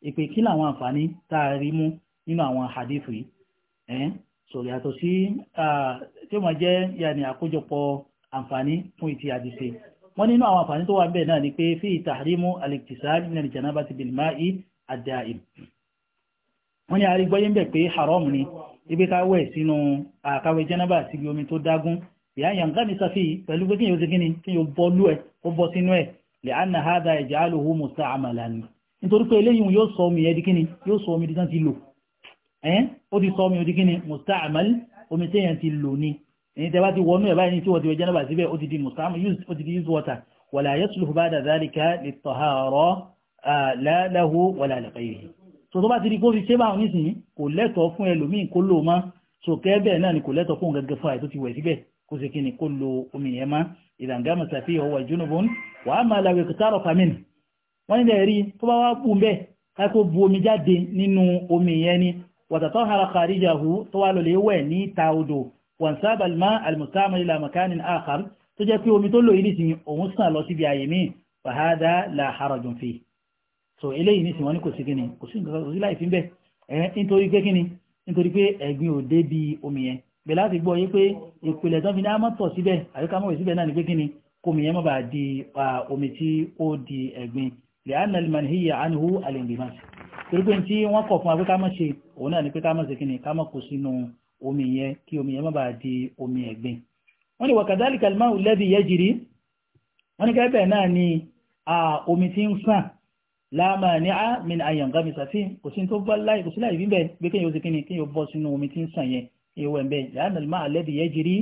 ìpè kí làwọn àǹfààní tá a rí mú nínú àwọn hadith yìí ẹ̀ sọ yàtọ̀ sí tí wọ́n jẹ́ yàní àkójọpọ̀ àǹfààní fún ìtì àdìsẹ́ wọ́n nínú àwọn àǹfààní tó wà bẹ́ẹ̀ náà ni pé fi tahrimu al-iktisal min al-janabati bil ma'i ad-da'im wọ́n ní ń bẹ̀ pé haram ni ibi ká wẹ̀ sínú àkàwé jẹ́nàbà síbi omi tó dágún ìyá yàǹkà ní sàfi pẹ̀lú pé kíyàn ó ti kíni kíyàn bọ́ lú ẹ̀ ó bọ́ sínú ẹ̀ lè á nà á da ẹ̀jẹ̀ á lò ó mọ̀ sá àmàlà ni nítorí pé eléyìí yóò sọ omi ẹ̀dí kíni yóò sọ omi dídán ti lò ẹ̀ẹ́n ó ti sọ omi ẹ̀dí kíni mọ̀ sá àmàl omi téèyàn ti lò ni ẹni tẹ́ bá ti wọnú ẹ̀ báyìí ní tí wọ́n ti wẹ̀ jẹ́nàbà síbẹ̀ ó ti di mọ̀ sá ó ti di use water wàlà so tó bá ti di kó fi ṣé báwọn nísìnyí kò lẹ́tọ̀ọ́ fún ẹlòmíì kó lò mọ́ so kẹ́ẹ́bẹ̀ náà ni kò lẹ́tọ̀ọ́ fún gẹ́gẹ́ fún àìtó ti wẹ̀ síbẹ̀ kó ṣe kíni kó lo omi yẹn mọ́ ìdàǹgá mọ̀sáfì ọwọ́ ìjúnubọ̀n wà á máa làwẹ̀ kòtàrọ̀ kàmín wọ́n ní lẹ́ẹ̀rí tó bá wá bù ń bẹ́ẹ̀ kákó bu omi jáde nínú omi yẹn ni wàtàtọ́ hara kàríjàhu tó wá lọ lè wẹ̀ ní ta wọn sábà má so eléyìí ní ìsìnwọ́n ní kò sí kíni kò sí nǹkan kò sí láì fi ń bẹ̀ ẹ̀ nítorí pé kíni nítorí pé ẹ̀gbin ò dé bí omi yẹn bẹ̀ láti gbọ́ yé pé ìpìlẹ̀ tán fi ní amọ́tọ̀ síbẹ̀ àyíká mọ̀wé síbẹ̀ náà ní pé kíni kómi yẹn má bàa di omi tí ó di ẹ̀gbin lè á nàlẹ́ màní híyà á ní hu àlèǹdè má sí torí pé tí wọ́n kọ̀ fún wa pé ká má ṣe òun náà ní pé ká má láàmà ní á mi ní àyàngá mi sàfihàn kò sí tó bá láì kò sí láì bíbẹ̀ pé kéèyàn ó ti kíni kéèyàn bọ́ sínú omi tí ń sàn yẹn ewu ẹ̀ bẹ́ẹ̀ yàrá nàlùmọ́ alẹ́ bí yẹ jìrì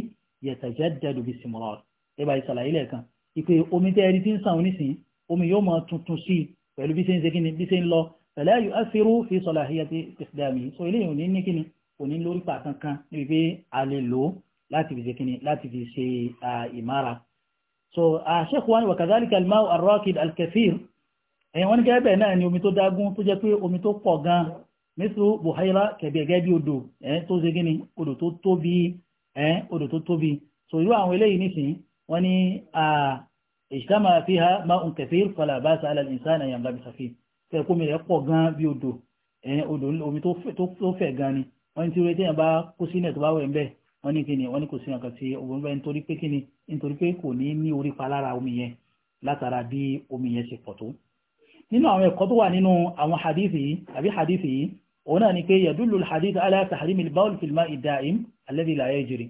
yatajaddadu bisimurad ẹ bá ìsàlàyé lẹ́ẹ̀kan ìpè omi tẹ́ ẹni tí ń sàn onísìn omi yóò máa tuntun sí i pẹ̀lú bí ṣe ń ṣe kíni bí ṣe ń lọ fala yu'athiru fi fi ṣe ẹ̀yìn wọn ní gẹ́gẹ́ bẹ́ẹ̀ náà ni omi tó dágún tó jẹ́ pé omi tó pọ̀ gan mẹ́sù buhaira kẹ̀bí ẹ̀gẹ́ bí odò tó ṣe gíní odò tó tóbi odò tó tóbi so irú àwọn eléyìí nísìnyí wọ́n ní ìṣàmà fi ha máa ń kẹfẹ́ fọlá bá sa alẹ́ ìsáàna yàǹgá bí sàfi fẹ́ kómi rẹ̀ pọ̀ gan bí odò odò omi tó fẹ̀ gan ni wọ́n ní tí wọ́n bá kó sílẹ̀ tó bá wẹ̀ ń bẹ́ẹ̀ wọ́n ní kíni wọ́n ní kò sí nǹkan tí òun bẹ́ẹ̀ nítorí pé kíni nítorí pé kò ní ní orí pa lára omi yẹn látara bí omi yẹn ṣe pọ̀ tó nínú àwọn ẹ̀kọ́ tó wà nínú àwọn hadithi àbí hadithi yìí òun náà ni pé yadullu hadith ala tahrimi al-bawl fil ma'i da'im alladhi la yajri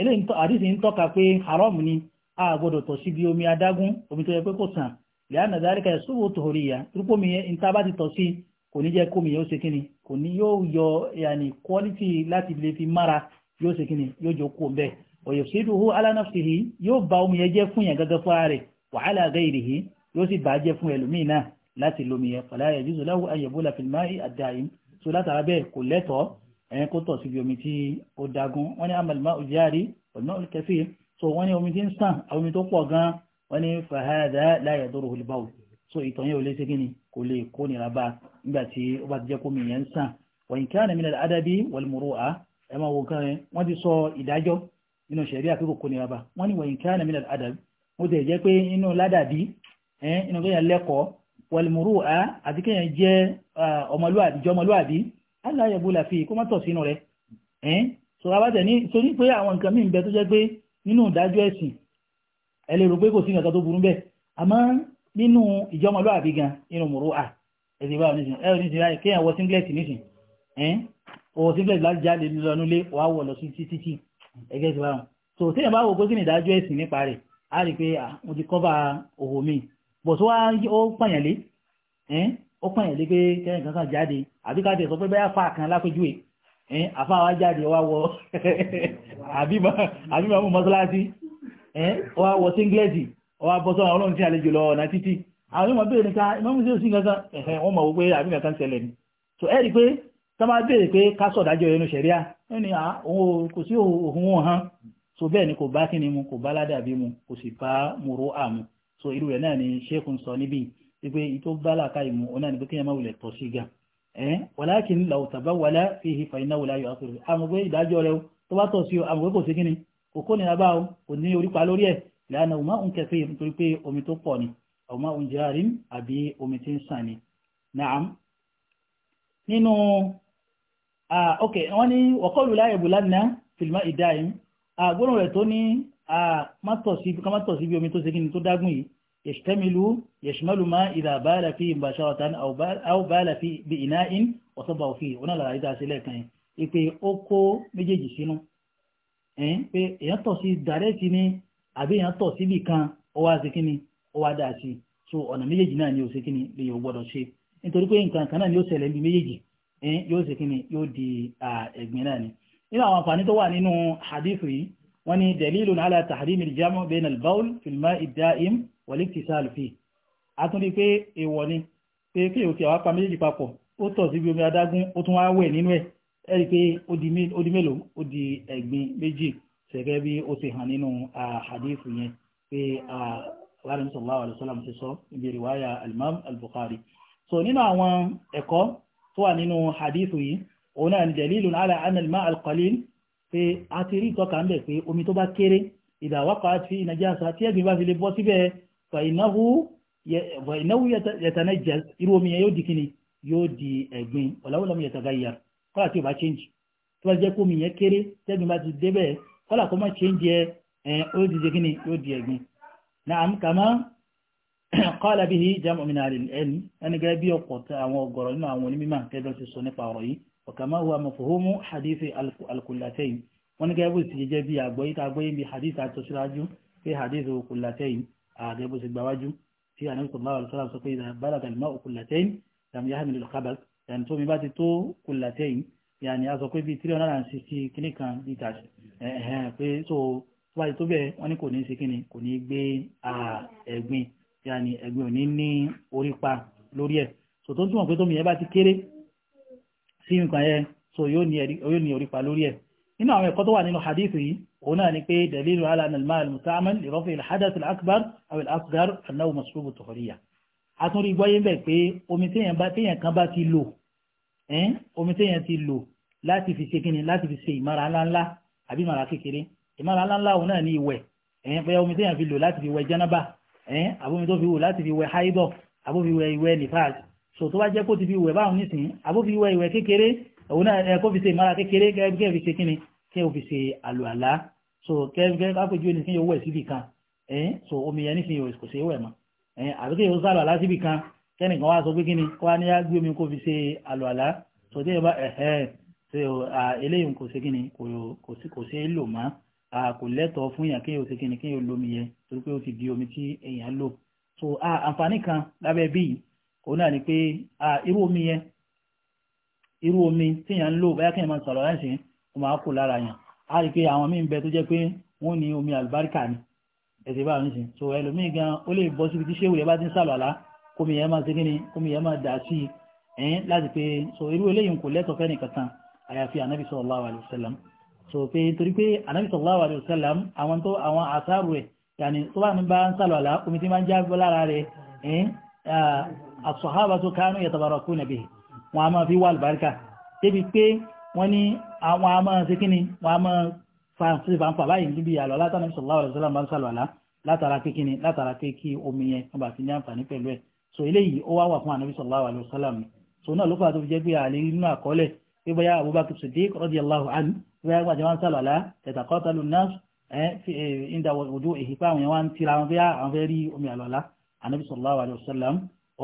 eléyìí hadithi ń tọ́ka pé haram ni a gbọ́dọ̀ tọ̀ sí bí omi adágún omi tó yẹ pé kò sàn lẹ́yìn àdáríkà ẹ̀sùn wo tòhórí yá rúpọ̀ mi yẹn níta bá ti tọ̀ sí kò ní jẹ́ kó mi yẹn ṣe kíni kò ní yóò yọ yàní quality láti lè fi mára yóò ṣe kíni yóò jọ kó bẹ́ẹ̀ òye ṣídùú ala nafsihi yóò ba omi yẹn jẹ́ fún yẹn gẹ́gẹ́ fúnra rẹ̀ wa ala ghairihi yóò sì bàá jẹ́ fún ẹlòmíì náà láti lómi yẹn fàlẹ́ ayẹyẹ jùlọ láwù ayẹ̀bó la fìlímà àdáyé so látara bẹ́ẹ̀ kò lẹ́tọ̀ọ́ ẹ̀yẹn kó tọ̀ síbi omi tí ó dagun wọ́n ní amalima ojúyàrí ọ̀nà olùkẹ́fì so wọ́n ní omi tí ń sàn àwọn omi tó pọ̀ gan wọ́n ní fàhádà láyà dọ́rọ̀ olùbáwò so ìtọ̀ yẹn ò lè ṣégin ni kò lè kó nira bá nígbà tí ó bá ti jẹ́ kó mi yẹn ń sàn wọ́n kí àná mílẹ̀ adábí wàlúmọ̀rọ̀ à ẹ máa wo kan rẹ̀ wọ́n ti sọ ìdájọ́ nínú sẹ̀rí àkókò kó nira bá wọ́n ní wọ́n kí àná mílẹ̀ adábí ó ti jẹ́ pé inú ládàbí ẹ̀ inú tó yẹ lẹ́kọ̀ọ́ wàlmùrùà àti kéèyàn jẹ́ ọmọlúwàbí jẹ́ ọmọlúwàbí aláyẹ̀bùlà fi kó má tọ̀ sínú rẹ̀ ẹ́n sọ̀rọ̀ abájẹ́ ní torí pé àwọn nǹkan míì ń bẹ tó jẹ́ pé nínú ìdájọ́ ẹ̀sìn ẹ lè rò pé kò sí nǹkan tó burú bẹ́ẹ̀ àmọ́ nínú ìjọmọlúwàbí gan nínú mùrùà ẹ̀sìn ìbáwọ̀ nísìn ẹ̀rọ nísìn láì kéèyàn wọ singlet nísìn ẹ́n owó singlet láti jáde lọ nílé wà wọ̀ lọ sí títí ẹgẹ́ ti báwọn so téèyàn bá wò pé kí ni ìdájọ́ ẹ̀sìn nípa rẹ̀ á bọ̀ tó wá ó pààyàn lé ó pààyàn lé pé kẹ́yìn kankan jáde àbí ká tẹ̀ sọ pé bẹ́ẹ̀ fà kan lápéjúwe àfa wa jáde wá wọ àbí màá mú mọ́sálásí wá wọ síngilẹ́tì wá bọ́ sọ́nà ọlọ́run tí àlejò lọ ọ̀nà títì àwọn ọmọ bèèrè níta ìmọ̀mú sí òsì gangan ẹ̀hẹ̀ wọ́n mọ̀ wípé so ẹ rí i pé tá máa bèèrè pé ká sọ̀dájọ́ ẹnu ṣẹ̀ríà wọ́n ní àwọn so bẹ́ẹ̀ ni kò bá kíni mu kò bá ládàbí so irú rẹ̀ náà ni ṣéèkù ń sọ níbí wípé tó bá làákàyè mu ọ̀nà níbi kéèyàn má wulẹ̀ tọ́ sí ga ẹ̀ walakin law tabawwala fihi fa innahu la yu'athiru àmọ́ pé ìdájọ́ rẹ̀ tó bá tọ̀ sí o àmọ́ pé kò sí kíni kò kó nira bá o kò ní orí pa lórí ẹ̀ lẹ́yìn àwọn máa ń kẹfẹ́ nítorí pé omi tó pọ̀ ni àwọn máa jẹ́ àárín àbí omi tí ń sàn ni naam nínú ah, ok wọ́n ní wọ́kọ́lù láyẹ̀bù lánàá fìlmá ìdáyìn àgbóhùn ah, rẹ̀ tó ní kọ́mátọ̀ sí bí omi tó segin tó dágún yìí yẹ̀ṣtẹ́mìlú yẹ̀ṣmẹ́lú máa ìdá báyàlá fi ìbàṣáwọ̀tán àwọn báyàlá fi bí iná in ọ̀sọ́bà òfin onálára ìdá sílẹ̀ kan yìí pé ó kó méjèèjì sínú pé èèyàn tọ̀ sí dàrẹ́tì ni àbí èèyàn tọ̀ síbì kan ó wá sí kíni ó wá dáa sí so ọ̀nà méjèèjì náà ni ó sí kíni lè yóò gbọ́dọ̀ ṣe nítorí pé nǹkan kan náà ni ó ṣẹlẹ̀ níbi méjèèjì yóò sí kíni yóò di ẹ̀gbin náà ni nínú àwọn àǹfààní tó wà nínú hadith yìí wọ́n ní dalilun ala tahrim al-jam' bayna al-bawl fi al-ma'i ad-da'im wal-iktisal fihi a tún rí pé èèwọ̀ ni pé kí òkè àwọn apá méjèèjì papọ̀ ó tọ̀ sí bí omi adágún ó tún wá wẹ̀ nínú ẹ̀ ẹ rí pé ó di mélòó ó di ẹ̀gbin méjì ṣẹ̀gẹ́ bí ó ti hàn nínú hadith yẹn pé aláàrin sallallahu alaihi wasallam ti sọ ibi riwaya al-imam so nínú àwọn ẹ̀kọ́ tó wà nínú hadith yìí òun náà dalilun ala anna al-ma'a al pé a ti rí ìtọ́ka ńbẹ̀ pé omi tó bá kéré ìdàwápa fi najasa tí ẹ̀gbìn bá fi lè bọ́ síbẹ̀ fàìnáwó yatanajjas irú omi yẹn yóò di kíni yóò di ẹ̀gbìn ọ̀làwọ̀lọ́mù yataghayyar kọ́lá tí o bá change tó bá jẹ́ kó omi yẹn kéré tẹ́gbìn bá ti débẹ̀ kọ́lá kó má change ẹ ó di ṣe kíni yóò di ẹ̀gbìn. na'am kàmá qala bihi jam'u min ahli al-ilm ẹni gẹ́gẹ́ bí ọ̀pọ̀ àwọn ọ̀gọ̀rọ̀ nínú àwọn onímọ̀ tẹ́lẹ̀ وكما هو مفهوم حديث الكلتين wọ́n ní gẹ́gẹ́ bó ti jẹ́ bí àgbọ́yé tá àgbọ́yé bí hadith àtọ́síwájú pé hadith kùlàtẹ́yìn àgẹ́bó ti gbáwájú tí ànábì sallallahu alaihi wasallam sọ pé balaga al-ma'u kùlàtẹ́yìn lam yahmil al-khabath yàní tó mi bá ti tó kùlàtẹ́yìn yàní a sọ pé bíi three hundred and sixty kìíní pé tó bá ti bẹ́ẹ̀ wọ́n ní kò ní í ṣe kíni kò ní í gbé ẹ̀gbin yàní ẹ̀gbin ò ní ní orí lórí ẹ̀ sòtó túmọ̀ pé tómi yẹn bá ti kéré sí nǹkan yẹn so yóò ní orípa lórí ẹ̀ nínú àwọn ẹ̀kọ́ tó wà nínú hadithu yìí òun náà ni pé dalilu ala nalma almutamal ìrọ́fẹ́ ilhadath alakbar aw alasgar annahu masrubu tuhuriya a tún rí gbọ́yé bẹ̀ pé omi téèyàn kan bá ti lò omi téèyàn ti lò láti fi ṣe kíni láti fi ṣe ìmara ńláńlá àbí ìmara kékeré ìmara ńláńlá òun náà ní ìwẹ̀ bẹ́ẹ̀ omi téèyàn fi lò láti fi wẹ̀ jánábà àbómi tó fi wò láti fi wẹ̀ haidọ̀ àbómi wẹ̀ ìwẹ̀ nifas so tó bá jẹ́ kó ti fi wẹ̀ báwọn nísìnyí àbó fi wẹ̀ ìwẹ̀ kékeré òun náà kó fi ṣe ìmọ̀ra kékeré kẹ́ẹ̀ fi ṣe kíni kẹ́ẹ̀ fi ṣe àlùalá so kẹ́ẹ̀ kápẹ́jú nísìnyí owó ẹ̀ síbì kan ẹ̀ẹ́n so omi yẹn nísìnyí kò ṣe é wẹ̀ mọ́ ẹ̀ẹ́n àbí kẹ́ẹ̀ yóò sálọ̀ àlá síbì kan kẹ́nìkan wá sọ pé kíni kó wá ní gbé omi kó fi ṣe àlùalá so tí yẹn bá ẹ̀hẹ́n ṣe eléyìí kò ṣe kíni kò ṣe é lò mọ́ kò lẹ́tọ̀ọ́ fún yàn kéèyàn ṣe kíni kéèyàn lómi yẹn torí pé òun náà ni pé irú omi yẹn irú omi téèyàn ń lò báyà kéèyàn máa sọ̀rọ̀ láìsí ó máa kó lára yẹn á rí i pé àwọn míì bẹ tó jẹ́ pé wọ́n ní omi àlùbáríkà ni ẹ̀sìn bá mi sìn so ẹlòmíì gan ó lè bọ́ síbi tí ṣéwù rẹ̀ bá ti ń sàlọ̀ àlá kómi yẹn máa ṣe kí ni kómi yẹn máa dà sí i ẹ̀yìn láti pé so irú eléyìí kò lẹ́tọ̀ọ́ fẹ́ nìkan tán àyàfi anabi sallallahu so pé torí pé anabi sallallahu alayhi wa sallam àwọn tó àwọn àṣàrù rẹ̀ yàní tó bá mi bá ń sàlọ̀ àlá omi as-sahaba tó kánú yatabarakuna bihi wọn a máa fi wà lùbáríkà débi pé wọ́n ní àwọn a máa ṣe kí ni wọ́n a máa fàǹfà báyìí níbi àlọ́ látàrí sallallahu alaihi wasallam bá ń sàlọ̀ àlá látara pé kí ni látara pé kí omi yẹn wọ́n bá fi ní àǹfààní pẹ̀lú ẹ̀ so eléyìí ó wá wà fún ànábì sallallahu alaihi wasallam so náà ló fà tó fi jẹ́ pé àlè nínú àkọọ́lẹ̀ pé bóyá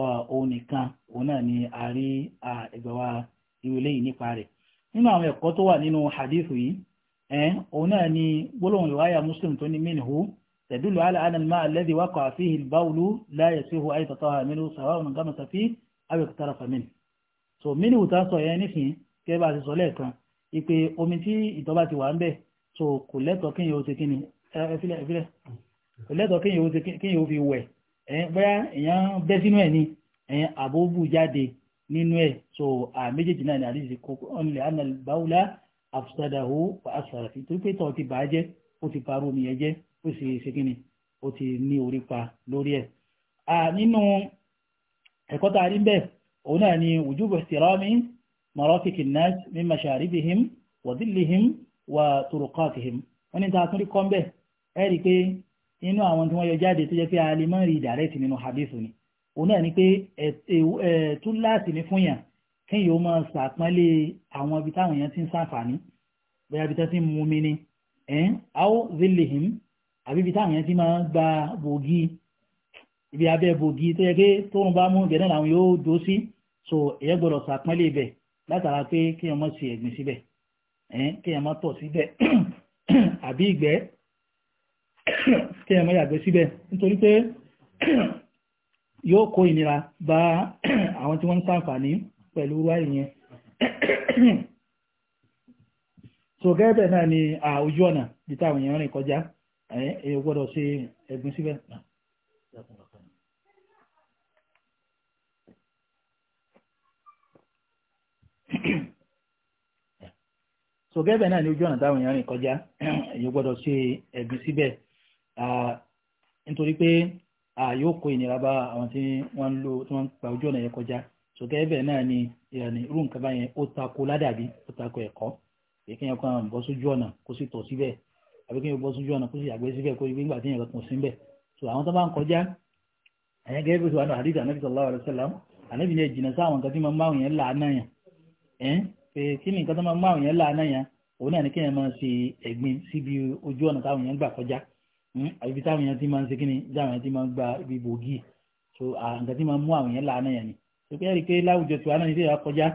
òun nìkan òun náà ni a rí ẹgbẹ̀wá irú eléyìí nípa rẹ̀ nínú àwọn ẹ̀kọ́ tó wà nínú hadithu yìí ẹ̀ òun náà ni gbólóhùn ìwáyà muslim tó ní minhu tẹ̀dúlù aláàlá alladhi waqa'a fihi al-bawlu la yasihu an yatatahhara minhu sawa'un ghamasa fihi aw iqtarafa minhu so minhu tá sọ yẹn nísìnyí kẹ́ bá ti sọ lẹ́ẹ̀kan ìpè omi tí ìtọ̀ ti wà ń bẹ̀ so kò lẹ́tọ̀ọ́ kéèyàn ti kíni fi wẹ̀ bóyá èèyàn bẹ́ sínú ẹ̀ ni àbóbù jáde nínú ẹ̀ so méjèèjì náà ni àdìsí kó ọ̀nlẹ̀ anàlbáwùlá àfùsàdàwó àṣàràfi torí pé tọ̀ ti bà á jẹ́ ó ti parọ́ omi ẹ̀ jẹ́ ó sì ṣe kí ni ó ti ní orí pa lórí ẹ̀. nínú ẹ̀kọ́ tá a rí bẹ́ẹ̀ òun náà ni ojúbọ sirami marafiki nas min masharibihim wa dhillihim wa turuqatihim wọ́n ní ta tún rí kọ́ ń bẹ́ẹ̀ ẹ̀ inú àwọn tí wọ́n yọ jáde tó jẹ́ pé a lè mọ́ rí direct nínú hadithu ni òun náà ni pé túláàsì ni fún yàn kéèyàn ó máa ṣàpọ́nlé àwọn ibi táwọn èèyàn ti ń ṣàǹfààní bóyá ibi tó ti ń mumi ni àwọn zilihim àbí ibi táwọn èèyàn ti máa ń gba bògì ibi abẹ́ bògì tó yẹ pé tóun bá mú ibẹ̀ náà làwọn yóò dó sí so èèyàn gbọ́dọ̀ ṣàpọ́nlé ibẹ̀ látara pé kéèyàn má ṣe ẹ̀gbìn síbẹ̀ kéèyàn má tọ̀ síbẹ̀ àbí ìgbẹ́ kí ẹmọ yàgbẹ́ síbẹ̀ nítorí pé yóò kó ìnira bá àwọn tí wọ́n ń ṣàǹfààní pẹ̀lú wáyé yẹn so gẹ́gẹ́ náà ni ojú ọ̀nà bí táwọn èèyàn rìn kọjá èyí gbọ́dọ̀ ṣe ẹ̀gbìn síbẹ̀ so gẹ́gẹ́ náà ni ojú ọ̀nà táwọn èèyàn rìn kọjá èyí gbọ́dọ̀ ṣe ẹ̀gbìn síbẹ̀ nítorí pé yóò kó ìnira bá àwọn tí wọ́n ń lò tí wọ́n ń pa ojú ọ̀nà yẹn kọjá sọ̀kẹ́ bẹ́ẹ̀ náà ni ìrànì irú nǹkan báyẹn ó tako ládàbí ó tako ẹ̀kọ́ èyí kéèyàn kan bọ́ sójú ọ̀nà kó sì tọ̀ síbẹ̀ àbí kéèyàn bọ́ sójú ọ̀nà kó sì yàgbẹ́ síbẹ̀ kó nígbà tí èèyàn kan sí bẹ̀ àwọn tó bá ń kọjá àyàn gẹ́gẹ́ bí wàhálà àdìgbà anábì sallallahu alaihi wasallam anábì ní ìjìnà sáwọn nǹkan tí máa ń máwùn yẹn láàánà yẹn ẹ́n pé ni nǹkan tó máa ń máwùn yẹn láàánà yẹn òun náà ni kéèyàn máa àbí hmm, táwọn èèyàn ti máa ń ṣe kí ni táwọn èèyàn ti máa ń gba ibi bòógì so nǹkan tí máa mú àwọn èèyàn láàánú yẹn ni so kí ẹ rí i pé láwùjọ tiwa náà ní ìdíyà kọjá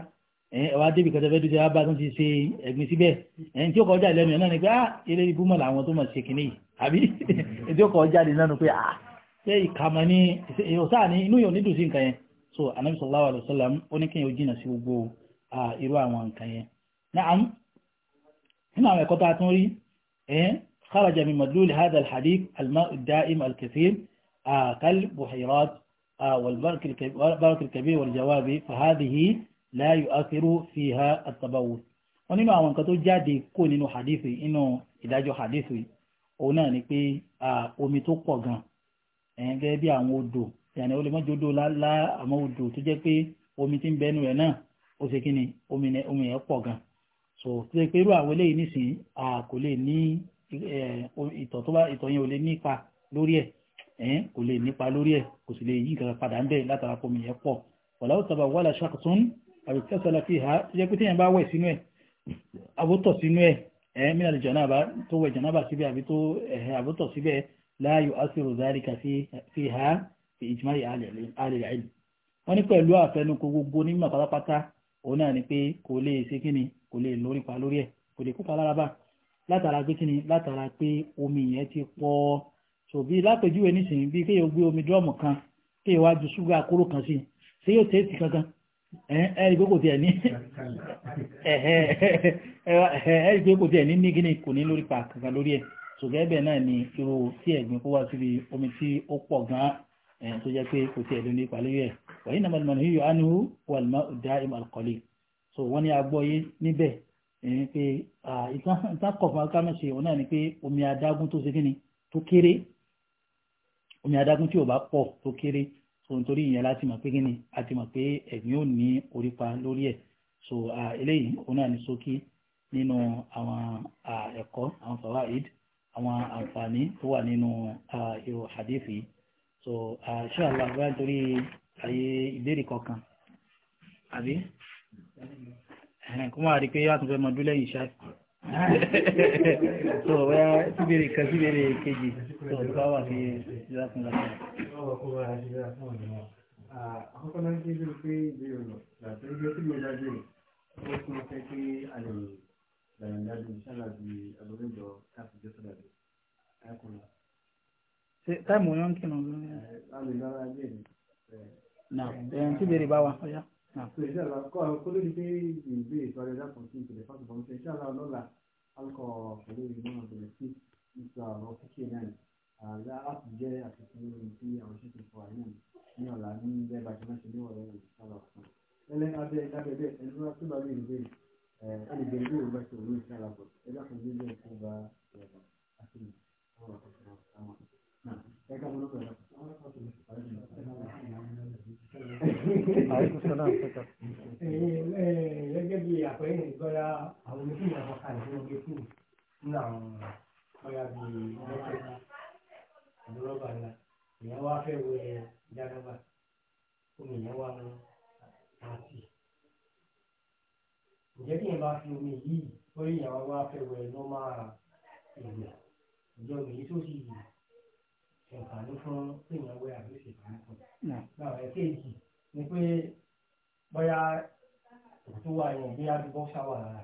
ẹ wá débi kẹtẹ fẹẹ dúdú ẹ wá bá tó ti ṣe ẹ̀gbin síbẹ̀ ẹ ní tí ó kọjá lẹ́nu yẹn náà ni pé ah eré ibú mọ làwọn tó mọ ṣe kìnnì yìí àbí ní tí ó kọjá lẹ́nu náà ni pé ah ṣé ìkàmọ ní ìhòsáà ni, inú yóò ní dùn sí nǹkan yẹn so anabi sallallahu alayhi wa sallam ó ní kéèyàn ó jìnnà sí gbogbo irú àwọn nǹkan yẹn خرج من مدلول هذا الحديث الماء الدائم الكثير آه، كالبحيرات بحيرات آه، والبرك الكبير والجواب فهذه لا يؤثر فيها التبول وني نو اون كتو جادي كوني نو حديثي انو اداجو حديثي اونا آه، ني بي ا اومي تو بو غان ان يعني جي بي اون ودو يعني اولي ما جودو لا لا اما ودو تو جي بي اومي تين بينو ينا او سي كيني اومي ني اومي بو غان سو تو جي بي رو اولي ني سي ا كولي ني Eh, ìtọ̀ tó bá ìtọ̀ yẹn ò lè nípa lórí ẹ̀ ẹ̀ẹ́n kò lè nípa lórí ẹ̀ kò sì lè yí nǹkan padà ń bẹ̀ látara kó mi yẹn pọ̀ wàlá ó sábà wàlá ṣàkóso àbí tẹ́sọ̀lá fi hà jẹ́ pé téèyàn bá wẹ̀ sínú ẹ̀ àbótọ̀ sínú ẹ̀ ẹ̀ẹ́n mí nàlẹ́ jọ̀nàbà tó wẹ̀ jọ̀nàbà síbẹ̀ àbí tó ẹ̀ẹ́ àbótọ̀ síbẹ̀ láàyò àṣírò zárika fi hà fi ìjìmá yà àlè àìlì wọ́n ní pẹ̀lú àfẹnukò gbogbo látara pé kíni látara pé omi yẹn ti pọ̀ ṣòbí lápèjúwe nísìnyí bí kéèyàn gbé omi dọ́ọ̀mù kan kéèyàn wá ju ṣúgà kóró kan sí ṣé yóò tẹ́sì kankan ẹ̀ẹ́rì pé kò tiẹ̀ ní ẹ̀ẹ́rì pé kò tiẹ̀ ní ní kíni kò ní lórí pa kankan lórí ẹ̀ ṣùgbọ́n ẹ̀bẹ̀ náà ni irú tí ẹ̀gbìn kó wá síbi omi tí ó pọ̀ gan-an ẹ̀yìn tó jẹ́ pé kò tiẹ̀ lórí pa lórí ẹ̀ wàyí nàmọ́lùmọ́lù yìí yóò ánú wàlùmọ́ ọ̀dà ìmọ̀ àkọlé so wọ́n ní agbọ́yé níbẹ̀ ẹni pé ìtàkọ̀ fún akámẹ́sì òun náà ni pé omi adágún tó ṣe kíni tó kéré omi adágún tí ò bá pọ̀ tó kéré so nítorí ìyẹn láti mọ̀ pé kíni àti mọ̀ pé ẹ̀gbìn ò ní orípa lórí ẹ̀ so eléyìí òun náà ni ṣókí nínú àwọn ẹ̀kọ́ àwọn fawaid àwọn àǹfààní tó wà nínú irú hadithi so inshallah bá nítorí àyè ìbéèrè kọ̀ọ̀kan àbí kó máa rí pé yóò àtúnfẹ́ mọdún lẹ́yìn iṣẹ́ so wẹ́ síbèrè kan síbèrè kejì tó bá wà sí ìdákun láti. àkọ́kọ́ náà ṣe ló pé ìbéèrè ọ̀nà láti ẹgbẹ́ tí mo dájú rẹ̀ ó tún fẹ́ pé a lè bẹ̀rẹ̀ dájú ìṣàlàbí àbúrẹ́jọ káàkiri jọ́sọ̀ dàbí ẹkùnrin. táìmù yọ̀ ń kírun lórí. láti dára díẹ̀ nà ẹ̀yìn tí bèrè bá wà ọ̀yá. So inshallah, quello di cui in cui sono già consiglio le faccio con inshallah allora alco quello di non delle sì inshallah lo che chiede la app di a che si si a uscire un po' in no la non deve che non si vuole inshallah e le abbia da bebe e non la suba lì di eh e di di un bacio lui inshallah e la con di suba a sì allora facciamo no e capo lo che allora facciamo gẹ́gẹ́ bí àpẹẹrẹ ìgbọ́ra àwọn omi fún ìyàwó kalẹ̀ fún ọgbẹ́ fún nínú àwọn ọ̀yà bí ọlọ́pàá àbí rọ́bà ńlá ìyẹn wá fẹ́ wẹ ìdánilọ́bà omi ìyẹn wá mú àti ǹjẹ́ bí ìyẹn bá fi omi yìí ó yẹ ìyàwó wá fẹ́ wẹ lọ́mọ́ ìgbà ìjọba èyí tó sì yìí ṣàǹfààní fún èèyàn wẹ àbí ṣèǹfààní fún. náà ẹ̀kejì ni pé bóyá tó wà yẹn bí adúgbò ṣáwà rà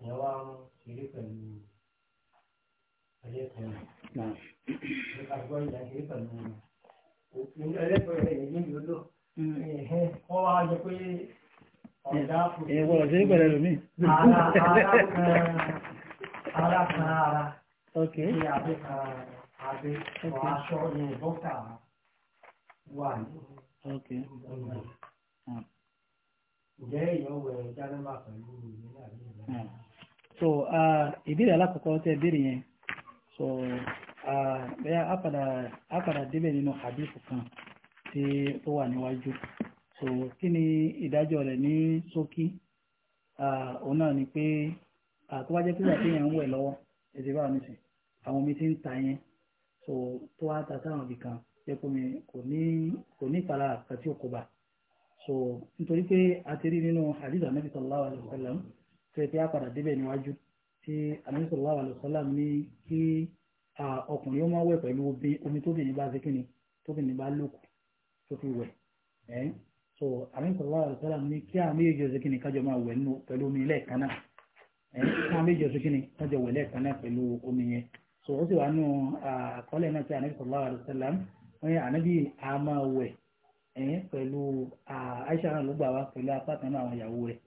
ìyẹn wá ń ṣeré pẹ̀lú ẹlẹ́kọ̀ọ́ yẹn adúgbò yẹn ṣeré pẹ̀lú ẹlẹ́kọ̀ọ́ yẹn ní ìlú kọ́ wa jẹ pé ọ̀dà fún mi. ìwọ ọ̀dà ìgbẹ̀rẹ̀ lómi. ara kan ara. ok. ní abẹ́ kan ara àti aṣọ ní bọ́tà wà ní. Hmm. ǹjẹ́ èèyàn wẹ̀ jánábà pẹ̀lú ìwé náà ní ìlànà. so uh, ìbéèrè alákọ̀ọ́kọ́ tẹ́ ìbéèrè yẹn so uh, bẹ́ẹ̀ á padà débẹ̀ nínú hadith kan tí ó wà níwájú so kí ni ìdájọ́ rẹ̀ ní ṣókí uh, òun náà ni pé àtúwájẹ́ pé wà téèyàn ń wẹ̀ lọ́wọ́ èdè báwọn nìsín àwọn omi ti ń ta yẹn so tó wá ta sáwọn ibì kan jẹ́ pé mi kò ní kò ní ìpalára kan tí ó kó bá so nítorí pé a ti rí nínú hadith anabi sallallahu alayhi wa sallam tó yẹ a padà débẹ̀ níwájú tí anabi sallallahu alayhi wa sallam ní kí ọkùnrin ó máa wẹ̀ pẹ̀lú omi tóbìnrin bá ṣe tóbìnrin bá lòkù tó fi wẹ̀ ẹ́ so anabi sallallahu alayhi wa sallam ní kí àwọn méjèèjì ṣe kíni kájọ máa wẹ̀ nínú pẹ̀lú omi lẹ́ẹ̀kan náà ẹ́ kí àwọn méjèèjì ṣe kájọ wẹ̀ lẹ́ẹ̀kan náà pẹ̀lú omi yẹn so ó sì wá nù àkọọ́lẹ̀ náà tí anabi sallallahu alayhi wa sallam wọ́n yẹ anabi a máa wẹ̀ ẹ̀yìn pẹ̀lú aisha náà ló gbà wá pẹ̀lú apá kan náà àwọn ìyàwó rẹ̀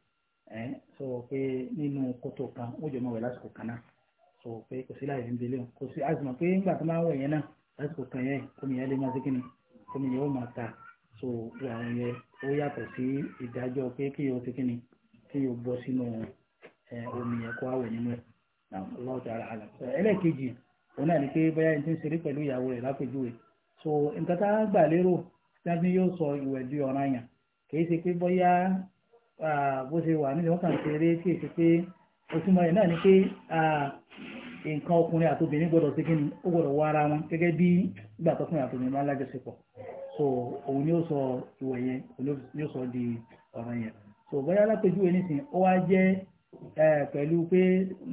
ẹ̀yìn sọ pé nínú kótó kan ó jọ máa wẹ̀ lásìkò kan náà sọ pé kò sí láyé ń belé o kò sí àìsàn pé nígbà tó máa wẹ̀ yẹn náà lásìkò kan yẹn omi lè máa ṣe kíni ó máa ta so àwọn yẹn ó yàtọ̀ sí ìdájọ́ pé kí o ṣe kíni kí o bọ́ sínú omi yẹn kó àwẹ̀ nínú ẹ̀ náà lọ́ọ̀tà ara rẹ̀ ẹlẹ́ẹ̀kejì òun náà ni pé bóyá ẹni tí ń ṣeré pẹ̀lú ìyàwó rẹ̀ lápèjúwe so nǹkan tá a gbà lérò dájú yóò sọ ìwẹ̀ di ọ̀ràn àyàn kì í ṣe pé bóyá bó ṣe wà nílẹ̀ wọ́n kàn ṣeré kì í ṣe pé òtúmọ̀ rẹ̀ náà ni pé nǹkan ọkùnrin àti obìnrin gbọ́dọ̀ ṣe kíni ó gbọ́dọ̀ wọ ara wọn gẹ́gẹ́ bí ìgbà tọkùnrin àti obìnrin máa ń lájọṣepọ̀ so òun ni ó sọ ìwẹ̀ yẹn ni ó sọ di ọ̀ràn yẹn so bóyá lápèjúwe nísìnyí ó wá jẹ́ pẹ̀lú pé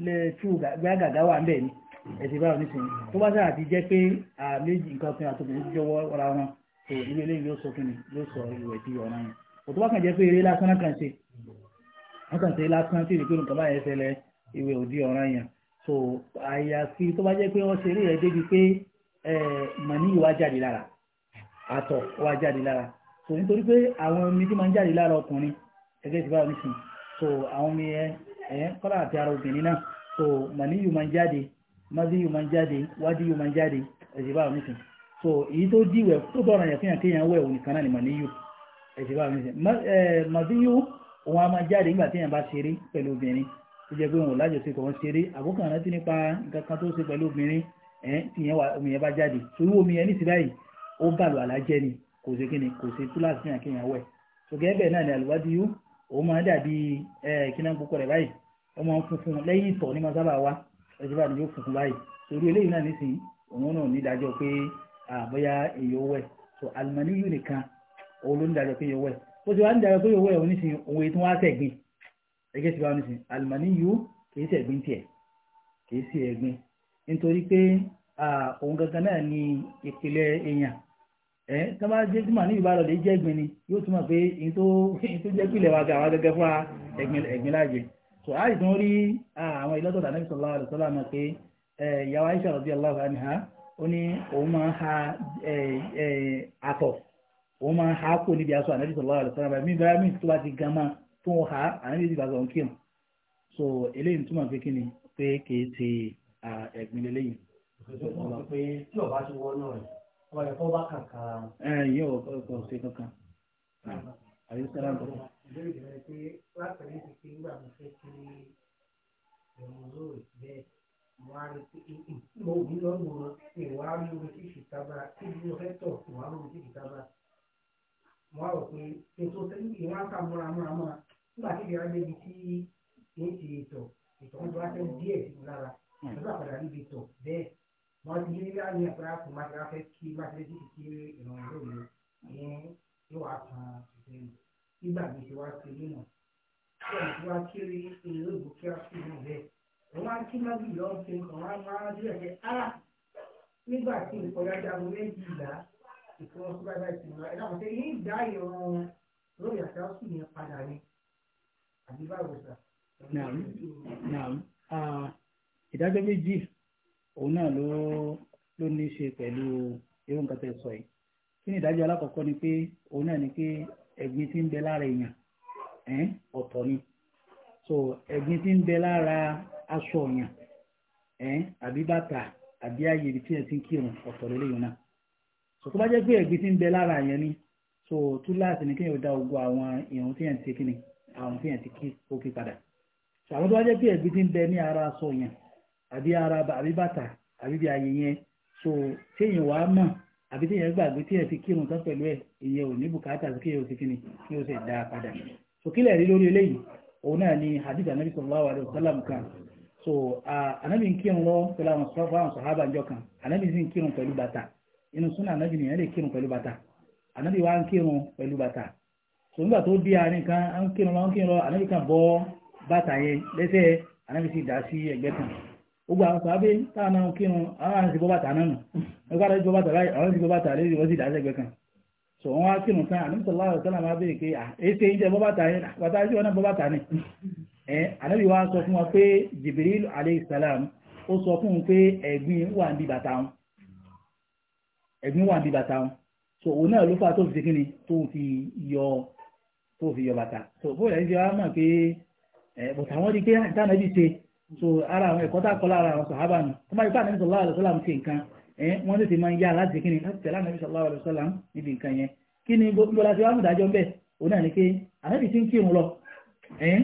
lẹ́ẹ̀tù gbàgàgà wà ń bẹ̀ ni ẹ̀sìn báwọn nísìnyí tó bá sáà ti jẹ́ pé àméjì nǹkan fún àtòkùnrin ti jọwọ́ ra wọn tó ilé eléyìí yóò sọ kí ni yóò sọ ìwẹ̀ tí ọ̀ràn yẹn kò tó bá kàn jẹ́ pé eré lásán náà kàn ṣe wọ́n kàn ṣe lásán tí ìrìnkúrò nǹkan báyẹn ṣẹlẹ̀ ìwẹ̀ òdi ọ̀ràn yẹn so àyàfi tó bá jẹ́ pé wọ́n ṣe eré rẹ̀ débi pé màní ìwà jáde lára àtọ̀ wà jáde lára so nítorí pé àwọn omi tí máa ń jáde lára ọkùnrin ẹgbẹ́ ti báwọn nísìnyí so àwọn omi ẹ ẹ kọ́lá àti ara obìnrin náà so màní ìwà máa ń jáde mádìyù máa ń jáde wádìyù máa ń jáde ẹ̀sìn báwọn nìsín so èyí tó díwẹ̀ tó dọ̀rọ̀ yẹn fihàn kéèyàn wẹ̀ òun nìkan náà ni màníyù ẹ̀sìn báwọn nìsín mádìyù òun á máa jáde nígbà téèyàn bá ṣeré pẹ̀lú obìnrin tó jẹ́ pé òun lájọṣepọ̀ wọn ṣeré àkókò àrántí nípa nǹkan kan tó ṣe pẹ̀lú obìnrin tìyẹn wà omi yẹn bá jáde torí omi yẹn nísìsiyìí báyìí ó bàlù àlájẹ ni kò ṣe kíni kò ṣe túláàsì fihàn kéèyàn wẹ̀ ṣùgbọ́n bẹ́ẹ̀ náà ni wa ẹjọba ni yóò funfun báyìí torí eléyìí náà nísìnyí òun náà nídàájọ́ pé àbọyá èyí ó wẹ so alimani yìí nìkan òun ló nídàájọ́ pé èyí ó wẹ bó ti wá nídàájọ́ pé èyí ó wẹ òun nísìnyí òun èyí tó wá sẹgbin ẹgẹ ti bá wọn nísìnyí alimani yìí kìí sẹgbin tiẹ̀ kìí sí ẹ̀gbin nítorí pé òun gangan náà ni ìpìlẹ̀ èèyàn ẹ tó bá jẹ túmọ̀ ní ìbára rẹ̀ jẹ́ ẹ̀gbin ni yóò túmọ̀ pé ìyẹn tó jẹ́ pìlẹ̀ wa gà wá gẹ́gẹ́ fún ẹ̀gbin láàjẹ́ so a ìdún rí àwọn ìlọ́tọ̀ tàbí sallallahu alaihi wasallam mọ̀ pé ìyàwó Aisha radiyallahu anha ó ní òun máa ń ha àtọ̀ òun máa ń ha kó níbi aṣọ ànábì sallallahu alaihi wasallam báyìí bíbá mi tó bá ti gan máa tó ń ha ànábì ti bàtọ̀ ń kí mu so eléyìí túmọ̀ pé kí ni pé kì í ti ẹ̀gbin lélẹ́yìn. pé tí ọba ti wọ náà rẹ̀ ọba yẹn kọ́ bá kàkà. ẹ̀yìn ò kò sí kankan. àyè sẹ́lá ń bọ̀ ìbéèrè ìbéèrè pé látàrí ti pé nígbà mo fẹ́ kí ẹ̀wọ̀n lóòrè bẹ́ẹ̀ mo wá rí pé mo bí lọ́gbọ̀n mi wá rí omi tí ìṣìtaba tí mo fẹ́ tọ̀ mo wá rí omi tí ìṣìtaba mo wá rò pé ètò sẹ́yìn ìwọ̀n á ta múra múra múra nígbà tí ìyára débi tí kì í ti ìtọ̀ ìtọ̀ ń bá fẹ́ díẹ̀ sí mi lára hmm. nígbà padà níbi ìtọ̀ bẹ́ẹ̀ mo ti ní láàrin ẹ̀pẹ́ àpò máa fẹ́ kí máa fẹ́ kí ìrànlọ́wọ́ mi ní ìwà kan ìbéèrè nígbà mi ti wá kiri náà tí ẹ̀ ti wá kiri èrè ògbó kí á fi hàn bẹ́ẹ̀ wọ́n á kí má bìí lọ́n fi kàn wọ́n á máa rí ẹ̀kẹ́ á ah, nígbà tí ìkọjá jáwé méjì ìgbà ìfowópamọ́ ti lọ ẹ̀ náà ṣe ní ìdá ìrọ̀rùn lórí àtàkùn yẹn padà ni àbí báwo sà. naam naam ìdájọ́ méjì òun náà ló ló ní í ṣe pẹ̀lú irú nǹkan tẹ́ sọ yìí kí ni ìdájọ́ alákọ̀ọ́kọ́ ni pé òun náà ni pé ẹ̀gbin tí ń bẹ lára èèyàn ẹ̀ ọ̀tọ̀ ni so ẹ̀gbin tí ń bẹ lára aṣọ èèyàn ẹ̀ àbí bàtà àbí ààyè ibi tí ẹ̀ ti ń kírun ọ̀tọ̀ lélẹ́yìn náà so tó bá jẹ́ pé ẹ̀gbin tí ń bẹ lára èèyàn ni so túláàsì ni kéèyàn dá ogun àwọn ìrun tí ẹ̀ ń ṣe kí ni àwọn tí ẹ̀ ti kí ó kí padà so àwọn tó bá jẹ́ pé ẹ̀gbin tí ń bẹ ní ara aṣọ èèyàn àbí ara àbí bàtà àbí bí ààyè yẹn so téèyàn wàá mọ̀ àbí tí èèyàn gbàgbé tí èèyàn ti kírun tán pẹ̀lú ẹ̀ ìyẹn ò ní bùkátà sí kéèyàn ti kíni kí ó sì dá a padà so kílẹ̀ rí lórí eléyìí òun náà ni hadith anabi sallallahu alayhi wa sallam kan so anabi ń kírun lọ pẹ̀lú àwọn sọ́fọ́ àwọn sọ̀hábà ńjọ kan anabi sì ń kírun pẹ̀lú bàtà inú súnà anabi nìyẹn lè kírun pẹ̀lú bàtà anabi wa ń kírun pẹ̀lú bàtà so nígbà tó di àárín kan à ń kírun lọ à ń kírun lọ anabi kan bọ́ gbogbo àwọn sàábé táwọn náà kírun àwọn àti bọ́ bàtà náà nù nígbà tó ti bọ́ bàtà láì àwọn ti bọ́ bàtà lé ìwọ́n sì dá sẹ́gbẹ́ kan so wọn wá kírun tán ànábì sọlá ọ̀rọ̀ sọlá máa béèrè pé ètè ìjẹ bọ́ bàtà yẹn bàtà náà bọ́ bàtà ni ẹ ànábì sọ fún wọn pé so ara àwọn ẹ̀kọ́ tá a kọ́ lára àwọn sàhábà nù wọ́n máa ń fà nàbí sallallahu alaihi wasallam ti nǹkan ẹ̀ wọ́n tètè máa ń yá láti kíni láti tẹ̀lé ànàbí sallallahu alaihi wasallam níbi nǹkan yẹn kí ni gbogbo láti wàá mùdájọ́ bẹ́ẹ̀ òun náà ni pé ànábì ti ń kírun lọ ẹ̀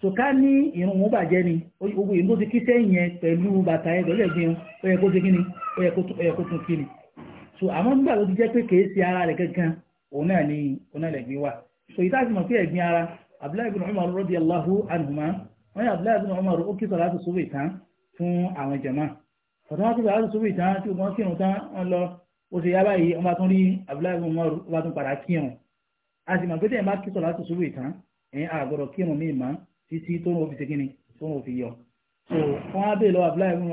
so ká ní irun wọn bàjẹ́ ni ogun yìí ló ti kí sẹ́yìn yẹn pẹ̀lú bàtà yẹn pẹ̀lú ẹ̀gbin ó yẹ kó ti kíni ó yẹ kó tún kíni so àmọ́ nígbà tó ti jẹ́ pé kèé sí ara rẹ̀ gangan òun náà ni òun náà lẹ̀gbin wà so ìtàkùn mọ̀ pé ẹ̀gbin ara Abdullahi ibn Umar radiyallahu anhuma wọ́n yà abdullahi bin umar ó kí sọ̀rọ̀ àtúnṣe wì tán fún àwọn jàmá ọ̀tún wọn kí sọ̀rọ̀ àtúnṣe wì tán tí wọ́n kírun tán wọn lọ ó sì yá báyìí wọ́n bá tún rí abdullahi bin umar ó bá tún padà kírun a sì mọ̀ pé tẹ̀yìn bá kí sọ̀rọ̀ àtúnṣe wì tán ẹ̀yìn àgọ́dọ̀ kírun míì mọ́ títí tó ń wo fi ṣe kíni tó ń wo fi yọ. so wọ́n á bèèrè lọ abdullahi bin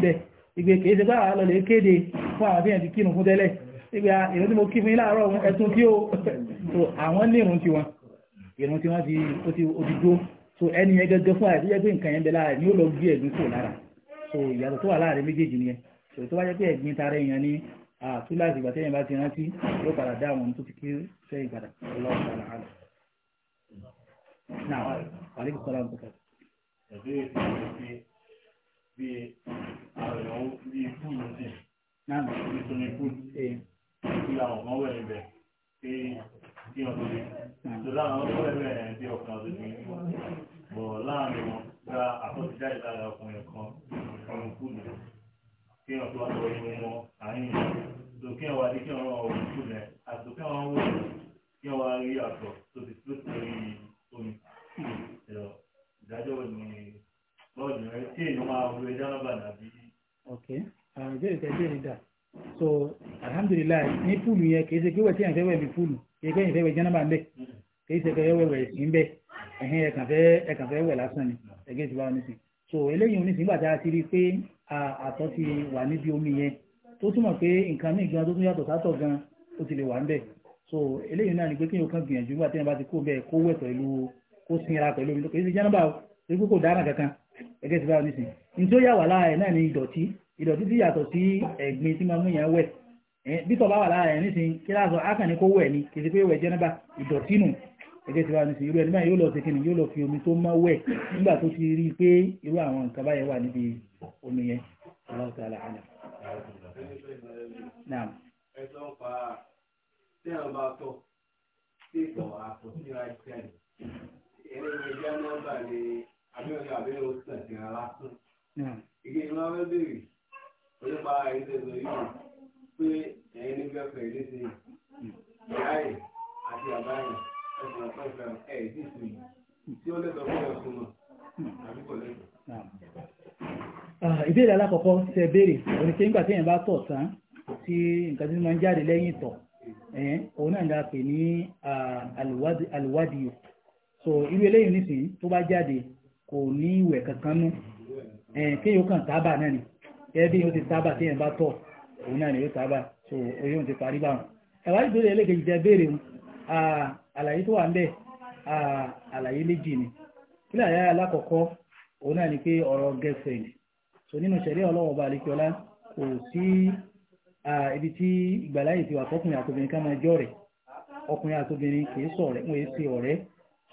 umar ìgbè kìí ṣe bá lọ lè kéde fún àwọn àbíyàn ti kírun fún tẹ́lẹ̀ ìgbè ìrún tí mo kí fún yín ẹ̀tún kí o so àwọn ní ìrún tiwọn ìrún tiwọn ti ó ti ó ti dó so ẹni yẹn gẹ́gẹ́ fún àìsí jẹ́ pé nǹkan yẹn bẹ lára ni ó lọ gbé ẹ̀gbin kúrò lára so ìyàtọ̀ tó wà láàrin méjèèjì nìyẹn so tó bá jẹ́ pé ẹ̀gbin tara èèyàn ní àtúláàsì ìgbà tẹ́yìn bá ti rántí yóò padà dá àwọn tó ti kí sẹ́yìn padà ọlọ́run padà àlọ́ bí àrẹ̀wọ̀n bí púùlù sí bí tóní púùlù bí àwọn ọmọ wẹ̀ níbẹ̀ pé kí ọ̀tún ní tó láwọn ọmọ wẹ̀ bẹ̀rẹ̀ bí ọkùnrin ọdún ní bọ̀ láàrin wọn gba àkọsíjáde lára ọkùnrin kan ọmọ púùlù kí ọ̀tún wá lọ́wọ́ ìwé wọn àárín ìlú kí ọ̀wá dé kí ọ̀rọ̀ ọ̀rọ̀ púùlù rẹ̀ àtòkè àwọn wọ̀ kí ọ̀wá rí àtọ̀ tó ti tó ti rí omi ìdájọ́ ni lọ́jọ́ rẹ tí èèyàn máa wọ ẹja lọ́ba nàbí. ok ìbéèrè tẹ ìbéèrè dà so alhamdulilayi ní púùlù yẹn kì í ṣe kí wẹ́ẹ̀ tí èèyàn fẹ́ wẹ̀ bí púùlù kì í ṣe èèyàn fẹ́ wẹ̀ jẹ́nàbà ń bẹ̀ kì í ṣe kí wẹ́ẹ̀ wẹ̀ sí ń bẹ̀ ẹ̀hìn ẹ̀kàn fẹ́ ẹ̀kàn fẹ́ wẹ̀ lásán ni ẹ̀gẹ́ ti bá wọn nísìn so eléyìí oníṣìí nígbà tá a ti rí i pé àtọ̀ ti wà níbi omi yẹn tó túmọ̀ pé nǹkan míì gan tó tún yàtọ̀ sátọ̀ gan ó ti lè wà ń bẹ̀ so eléyìí náà ni pé kí n kan gbìyànjú nígbà tí wọn bá ti kó bẹ́ẹ̀ kó wẹ̀ pẹ̀lú kó sinra pẹ̀lú omi tó kì í ṣe jẹ́nàbà ẹgẹ́ ti bá mi sìn ní tí ó yà wà lára ẹ̀ náà ni ìdọ̀tí ìdọ̀tí ti yàtọ̀ sí ẹ̀gbin tí máa mú yẹn wẹ̀ bítọ̀ bá wà lára ẹ̀ nísìn kí láàzọ ákànní kó wẹ̀ ni kì í ṣe pé wẹ̀ jẹ́nẹ́bà ìdọ̀tí nù ẹgẹ́ ti bá mi sìn irú ẹni báyìí yóò lọ ṣèkìnnì yóò lọ fi omi tó mọ́ wẹ̀ nígbà tó ti rí i pé irú àwọn nǹkan báyẹn wà níbi omi yẹn Allah ta'ala àná. Naam àbíọ̀dé àbẹ́rẹ́ oṣù àti ara lásán. Igi ni wọ́n fẹ́ bèrè nípa ìṣẹ̀lẹ̀ yìí pé ẹ̀yin ní bẹ́ẹ̀ fẹ̀ léṣe ìyáyè àti àbáyè ẹ̀sìn ọ̀pọ̀ ìfẹ́ ẹ̀ ìdí ìsìn tí ó lẹ́tọ̀ọ́ fún ẹ̀sùn náà àbí kò lẹ́tọ̀ọ́. Ah, ìbéèrè alákọ̀ọ́kọ́ ṣe béèrè òní pé nígbà tí èèyàn bá tọ̀ tán tí nǹkan tí máa ń jáde lẹ́yìn ìtọ̀ òun náà ń da pè ní ah, àlùwádìí so irú eléyìí nísìnyí tó bá jáde kò ní ìwẹ̀ kankan nú kéèyàn kàn tábà náà ni ẹbí yóò ti tábà tí yẹn bá tọ̀ òun náà ni yóò tábà so oyún ti parí báwọn. ẹ̀wá ìbéèrè ẹlẹ́gẹ̀ẹ́jì jẹ́ béèrè mu àlàyé tó wà ń bẹ̀ àlàyé méjì ni kílẹ̀ àyà alákọ̀ọ́kọ́ òun náà ni pé ọ̀rọ̀ girlfriend so nínú ṣẹ̀ríà Ọlọ́hun Ọba àlekíọ́lá kò sí ibi tí ìgbàláyè ti wà fọkùnrin àtobìnrin ká máa jọ́ rẹ̀ ọkùnrin àtobìnrin kì í sọ̀rẹ́ wọn èé ṣe ọ̀rẹ́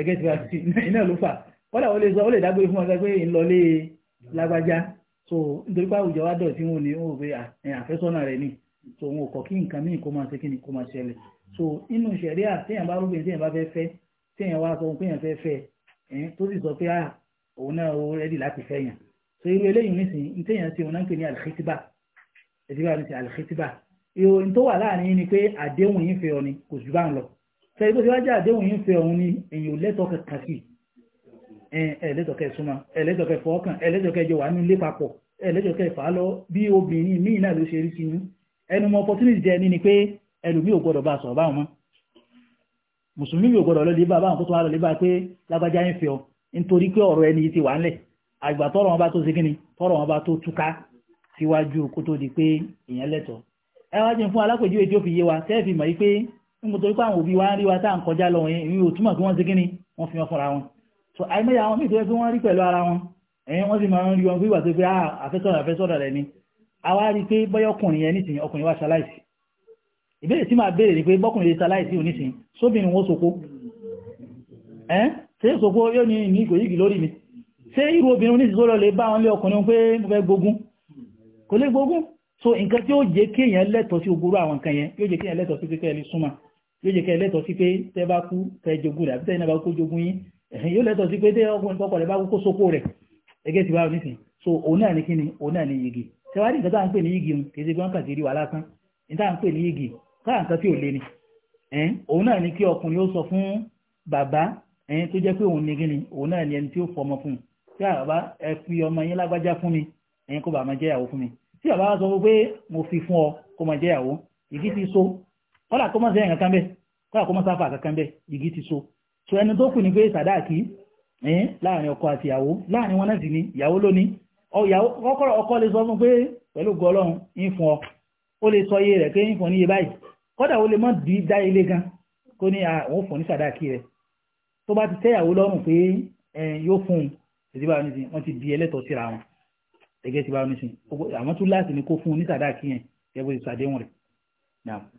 ẹ̀gẹ́ ti wá sí iná ló fà kọ́dà ó lè sọ ó lè dágbé fún ọgbẹ́ pé ńlọlé lágbájá so nítorí pé àwùjọ wa dọ̀tí wọn ò ní wọn ò pé àfẹ́sọ́nà rẹ̀ ni so wọn ò kọ̀ kí nǹkan míì kó máa ṣe kí ni kó máa ṣẹlẹ̀ so inú ìṣẹ̀rí à téèyàn bá rúbìn téèyàn bá fẹ́ fẹ́ téèyàn wá sọ pé èèyàn fẹ́ fẹ́ ẹ̀ tó sì sọ pé à òun náà ó rẹ́dì láti fẹ́ yàn so irú eléyìí nísìnyí téèyàn ṣe òun náà ń pè ní àlìkítìbà ẹ̀dí bá mi ṣe àlìkítìbà ìròyìn tó wà láàrin ni pé àdéhùn yìí tẹ́ ibi tó wájú àdéhùn yìí ń fẹ́ òun ni èyí ò lẹ́tọ̀ọ́ kẹta sí ẹ̀ẹ́lẹ́tọ̀ọ́ kẹ súnmọ́ ẹ̀ẹ́lẹ́tọ̀ọ́ kẹ fọ́ọ̀kàn ẹ̀ẹ́lẹ́tọ̀ọ́ kẹ jọ wà nílé papọ̀ ẹ̀ẹ́lẹ́tọ̀ọ́ kẹ fà á lọ bí obìnrin míì náà ló ṣe rí sí ẹnu opportunity jẹ ní ni pé ẹlòmí ò gbọdọ̀ bá a sọ̀rọ̀ báwọn mọ́ mùsùlùmí ò gbọdọ̀ lọ́lẹ́ bá báwọn kó tó wá lọ́lẹ́ bá pé lágbájá ń fẹ́ ọ nítorí pé ọ̀rọ̀ ẹni ti wà ńlẹ̀ àgbà tọrọ wọn bá tó segin ni tọrọ wọn bá tó túká síwájú kó tó di pé èèyàn lẹ́tọ̀ọ́ ẹ wá jẹun fún alákòjú ètò òfin yé wa tẹ́ẹ̀fì mọ̀ yí pé nígbàtọ̀ wípé àwọn òbí wa ń rí wa tá à ń kọjá lọ yẹn ìwé òtúmọ̀ kí wọ́n ṣe kíni wọ́n fi wọn fúnra wọn so àìmọye àwọn míì tó yẹ kí wọ́n rí pẹ̀lú ara wọn ẹ̀yìn wọ́n sì máa ń rí wọn fígbà tó fi ah, àfẹ́sọ̀rọ̀ àfẹ́sọ̀rọ̀ rẹ̀ ni àwa rí pé bọ́yọ̀ ọkùnrin nísìnyí ọkùnrin wa ṣaláìsì ìbéèrè tí màá béèrè ni pé bọ́kùnrin yẹn ṣaláìsì onísìn sóbìnrin wọn soko ẹ ṣé soko yóò ní ìní ìgò yìí lórí mi ṣé irú obìnrin onísìn tó lọ lè bá wọn lé so nǹkan tí ó jẹ́ kéèyàn lẹ́tọ̀ọ́ sí ogoro àwọn nǹkan yẹn yóò jẹ́ yóò jẹ́ kẹ́ lẹ́tọ̀ọ́ sí pé tẹ́ bá kú tẹ́ jogún rẹ̀ àbí tẹ́yìn náà bá kú jogún yín ẹ̀hìn yóò lẹ́tọ̀ọ́ sí pé tẹ́ ọkùnrin tọ́kọ̀ rẹ̀ bá kú kó sóko rẹ̀ ẹgẹ́ ti báwọn nísìn so òun náà ni kí ni òun náà ni yìgì tẹ́ wá ní nǹkan tá à ń pè ní yìgì kì í ṣe gbọ́n kàtí rí wa lásán ní tá à ń pè ní yìgì káà nǹkan tí ò le ni òun náà ni kí ọkùnrin ó sọ fún bàbá tó jẹ́ pé òun ni kí ni òun náà ni ẹni tí ó fọmọ fún un tí àbá ẹ fi ọmọ yín lágbájá fún mi kó kó kọ́lá kó mọ́ sí ẹ̀yàn kan bẹ́ kọ́lá kó mọ́ sáfà kankan bẹ́ igi ti so so ẹni tó kù ní pé sàdáàkì láàrin ọkọ àti ìyàwó láàrin wọn náà sì ni ìyàwó lónìí ọkọ lè sọ fún pé pẹ̀lú gọlọ́run ń fún ọ ó lè sọ iye rẹ̀ pé ń fún ní iye báyìí kọ́dà ó lè mọ́ di dá ilé gan kó ní àwọn fún ní sàdáàkì rẹ̀ tó bá ti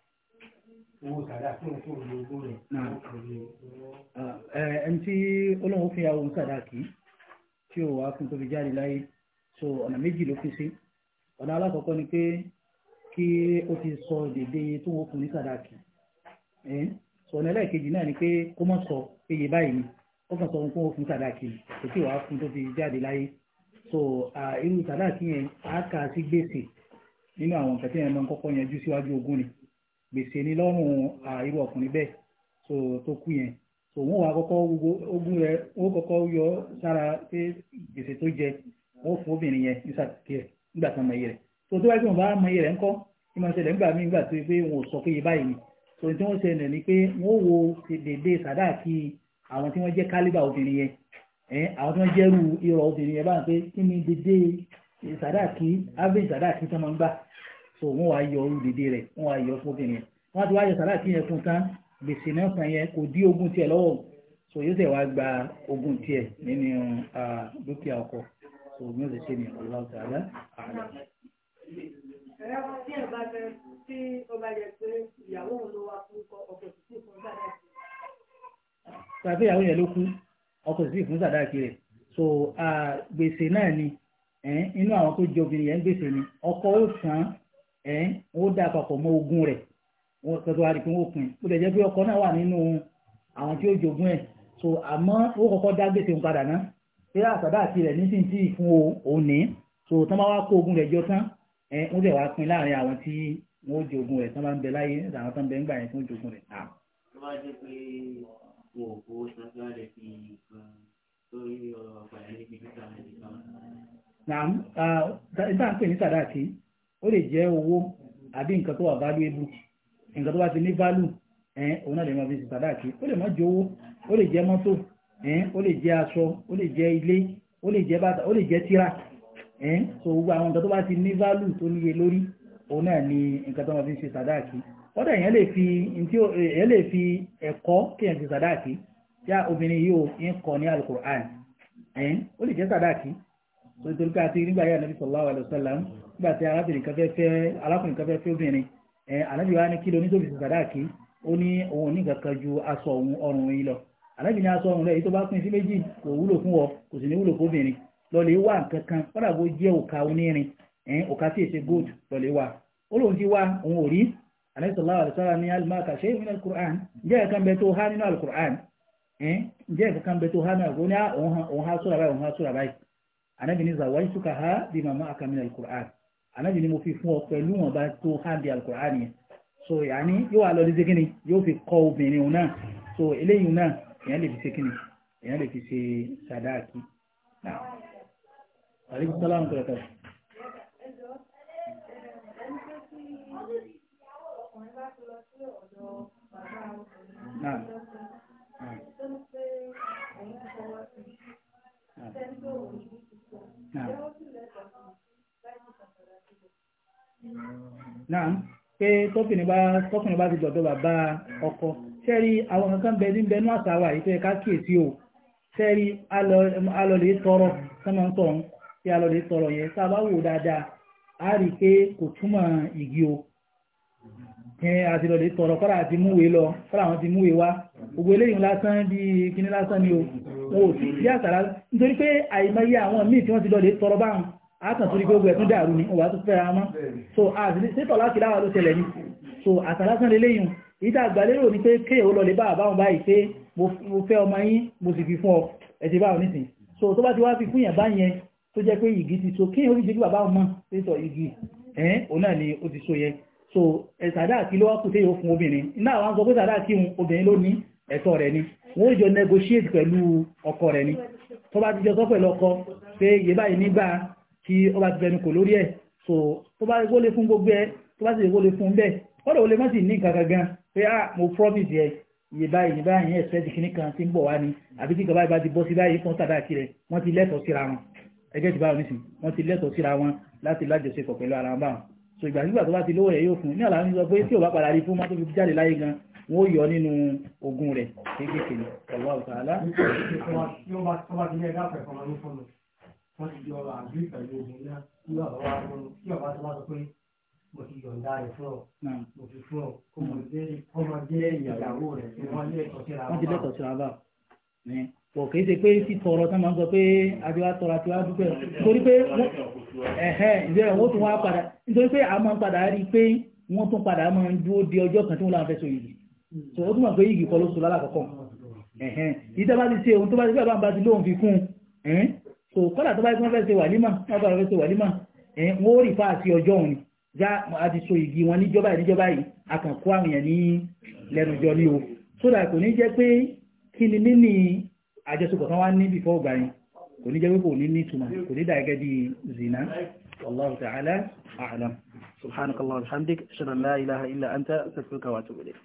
ẹni tí ọlọ́run fi àwọn sàdáàkì tí ó wà fún tó fi jáde láyé so ọ̀nà méjì ló fi sí ọ̀nà alákọ̀ọ́kọ́ ni pé kí ó ti sọ dédé tó wọ́n fún ní sàdáàkì so ọ̀nà ẹlẹ́ẹ̀kejì náà ni pé kó mọ̀ sọ iye báyìí ni ó kàn sọ ohun tó wọ́n fún sàdáàkì kò tí ì wà fún tó fi jáde láyé so irú sàdáàkì yẹn á kà á sí gbèsè nínú àwọn nǹkan tí yẹn máa ń kọ́kọ́ yanjú síwájú ogún ni gbèsè ní lọ́rùn irú ọkùnrin bẹ́ẹ̀ tó kú yẹn so wọ́n wà kọ́kọ́ ogún rẹ̀ wọ́n kọ́kọ́ yọ sára pé gbèsè tó jẹ wọ́n fún obìnrin yẹn ní sàkíyẹ nígbà tán mọ iye rẹ̀ so tó wáyé pé wọ́n bá mọ iye rẹ̀ ńkọ́ ní máa ṣẹlẹ̀ nígbà míì nígbà tó yẹ pé wọn ò sọ pé iye báyìí ni so tí wọ́n ṣẹlẹ̀ ni pé wọ́n wo dédé sàdáàkì àwọn tí wọ́n jẹ́ kálíbà obìnrin yẹn ẹ̀ àwọn tí wọ́n jẹ́rù irọ́ obìnrin yẹn báyìí pé kí ni dédé sàdáàkì average sàdáàkì tó máa ń gbà so wọ́n wá yọ orí dédé rẹ̀ wọ́n wá yọ fún obìnrin wọ́n ti wá yọ sàrà kíyẹn fún tán gbèsè náà san yẹn kò dí ogún tiẹ̀ lọ́wọ́ so yóò tẹ̀ wá gba ogún tiẹ̀ nínú dúkìá ọkọ so mi ò lè ṣe ní ọlọ́wọ́ tààlà àlọ́. tí ẹ bá fẹ́ tí ó bá yẹ pé ìyàwó òun ló wá fún ọkọ̀ títí fún sàdáàkì. tàbí ìyàwó yẹn ló kú ọkọ̀ títí fún sàdáàkì rẹ̀ so gbèsè náà ni inú àwọn tó jẹ obìnrin yẹn gbèsè ni ọkọ ó san ẹ̀ wọ́n dà papọ̀ mọ́ ogún rẹ̀ wọ́n kẹ́tọ́ wá rí i pé wọ́n pin ó lè jẹ́ pé ọkọ náà wà nínú àwọn tí ó jogún ẹ̀ so àmọ́ ó kọ́kọ́ dá gbèsè ń padà ná pé ah, àtàdá àti rẹ̀ nísìnyí tí ìfún òun ní so tán bá wá kó ogún rẹ̀ jọ tán ẹ̀ wọ́n dẹ̀ wá pin láàrin àwọn tí wọ́n jogún rẹ̀ tán bá ń bẹ láyé àwọn tán bẹ ń gbà yẹn fún jogún rẹ̀ náà. Ah. tó bá jẹ́ fi ó lè jẹ́ owó àbí nǹkan tó wà valuable nǹkan tó bá ti ní value ẹ̀ẹ́n òun náà lè máa fi ṣe sàdáàkì ó lè má jẹ́ owó ó lè jẹ́ mọ́tò ẹ̀ẹ́n ó lè jẹ́ aṣọ ó lè jẹ́ ilé ó lè jẹ́ bàtà ó lè jẹ́ tírà ẹ̀ẹ́n so gbogbo àwọn nǹkan tó bá ti ní value tó níye lórí òun ni nǹkan tó máa fi ṣe sàdáàkì kọ́dà èèyàn lè fi ntí èèyàn lè fi ẹ̀kọ́ kéèyàn fi sàdáàkì yá obìnrin yìí ó ń kọ ní alukur'an ẹ̀ẹ́n ó lè jẹ́ sàdáàkì nítorí pé àti nígbà yà nàbí sallallahu alaihi wasallam nígbà tí arábìnrin kan fẹ́ fẹ́ alákùnrin kan fẹ́ fẹ́ obìnrin ẹ ànábì wa ní kí ló ní tóbi sàdáàkì ó ní òun ní kankan ju aṣọ òun ọrùn yìí lọ ànábì ní aṣọ òun rẹ̀ èyí tó bá pín sí méjì kò wúlò fún ọ kò sì ní wúlò fún obìnrin lọ́ọ̀lẹ́ wà kankan kọ́dà bó jẹ́ òkà onírin òkà tí èsè gold lọ́ọ̀lẹ́ wà ó lóun ti wá òun ò rí ànábì sallallahu alaihi wasallam ní alimaka ṣe min anabi ni zawai suka ha bí màmá akamina alukur'an anabi ni mo fi fún ọ pẹ̀lú wọn bá tó hàn bí alukur'an yẹn so yaani yóò wá lọ lé sékìnì yóò fi kọ obìnrin òun náà so eléyìí náà èèyàn lè fi sékìnì èèyàn lè fi ṣe sàdáàkì náà aleykum salaam tó lọ́tọ̀. Nah náà pé tọ́kùnrin bá tọ́kùnrin bá ti dọ̀dọ̀ bàbá ọkọ sẹ́rí àwọn kankan bẹ ní bẹnu àṣà wa yìí tó yẹ ká o sẹ́rí alọ̀lẹ̀ tọrọ sọ́mọ́ ń sọ̀rọ̀ tí alọ̀lẹ̀ tọrọ yẹn tá a bá wò dáadáa a rí i pé kò túmọ̀ ìgì o ẹ̀ẹ́n àti lọ́lẹ̀ tọ̀rọ̀ kọ́ra àti múwèé lọ kọ́ra àwọn ti múwèé wá gbogbo eléyìí lásán bí kíní lásán ni o wọn ò sí bí àsàrà nítorí pé àìmọye àwọn míì tí wọ́n ti lọ́lẹ̀ tọ̀rọ̀ báwọn àtàn torí pé ogun ẹ̀tún dàrú ni wà tó fẹ́ra wọn so àtìlétọ̀ láti láwà ló ṣẹlẹ̀ ni so àsàrà sán leléyìn ìta àgbàlérò ni pé kéèyàn ó lọ́lẹ̀ báwọn báwọn báyìí pé mo fẹ́ ọmọ yín mo sì fi fún ọ ẹ ti báwọn nísìn so tó bá ti wá fi fún yàn bá yẹn tó jẹ́ pé ìgì ti so kéèyàn ó ti jẹ́ kí bàbá ọmọ ṣe sọ ìgì ẹ̀ẹ́n òun náà ni ó ti so yẹn so ẹ̀sàdá àti ló wá kù téyàn fún obìnrin iná àwọn sọ pé sàdá àti obìnrin ló ní ẹ̀tọ́ rẹ̀ ni wọ́n jọ negotiate pẹ̀lú ọkọ rẹ̀ ni tó bá ti jọ sọ pẹ̀lú ọkọ pé yé báyìí nígbà kí ó bá ti fẹnu kò lórí ẹ̀ so tó bá wọlé fún gbogbo ẹ tó bá sì wọlé fún bẹ́ẹ̀ ọ̀rọ̀ olè má sì ní nǹkan kan gan pé ah mo promise yẹ iye báyìí ní báyìí ẹ̀sẹ̀ ti kíní kan ti ń bọ̀ wá ni àbí tí kaba ìbá ti bọ́ sí báyìí fún sàdá àti rẹ̀ wọ́n ti lẹ́tọ̀ọ́ síra wọn ẹgẹ́ ti báwọn nísìn wọ́n ti lẹ́tọ̀ọ́ síra wọn láti lájọṣepọ̀ pẹ̀lú ara wọn báwọn so ìgbàgbígbà tó bá ti lówó rẹ̀ yóò fún ní àlàáfíà ń sọ pé tí ò bá padà rí fún mọ́tò fi jáde láyé gan wọ́n yọ nínú ogun rẹ̀ kéékèèké ní ọ̀wá ọ̀tàlá. mo ti yọ̀ǹda rẹ̀ fún ọ mo ti fún ọ kó mo jẹ́ ìyàwó rẹ̀ tí wọ́n lé ẹ̀tọ́ síra kò kìí ṣe pé títọrọ tán máa ń sọ pé adéwà tọrọ àti wàá dúpẹ́ nítorí pé ẹ̀hẹ́ ìbẹ̀rẹ̀ wọ́n tún wá padà nítorí pé a máa ń padà rí i pé wọ́n tún padà máa ń dúró di ọjọ́ kan tí wọ́n láwọn so yìí so ó túmọ̀ pé yìí kọ́ ló so lálàkọ́kọ́ ẹ̀hẹ́ ìjọba ti ṣe ohun tó bá ti ba ti lóhun fi kún so tó bá fẹ́ ṣe àjẹsọpọ̀ tán wá ní bífọ́ ọgbà yẹn kò ní jẹ́ pé kò ní ní ìtumọ̀ kò ní dàgẹ́ bí zina wallahu ta'ala a'lam subhanakallah alhamdik ashhadu an la ilaha illa anta astaghfiruka wa atubu ilayk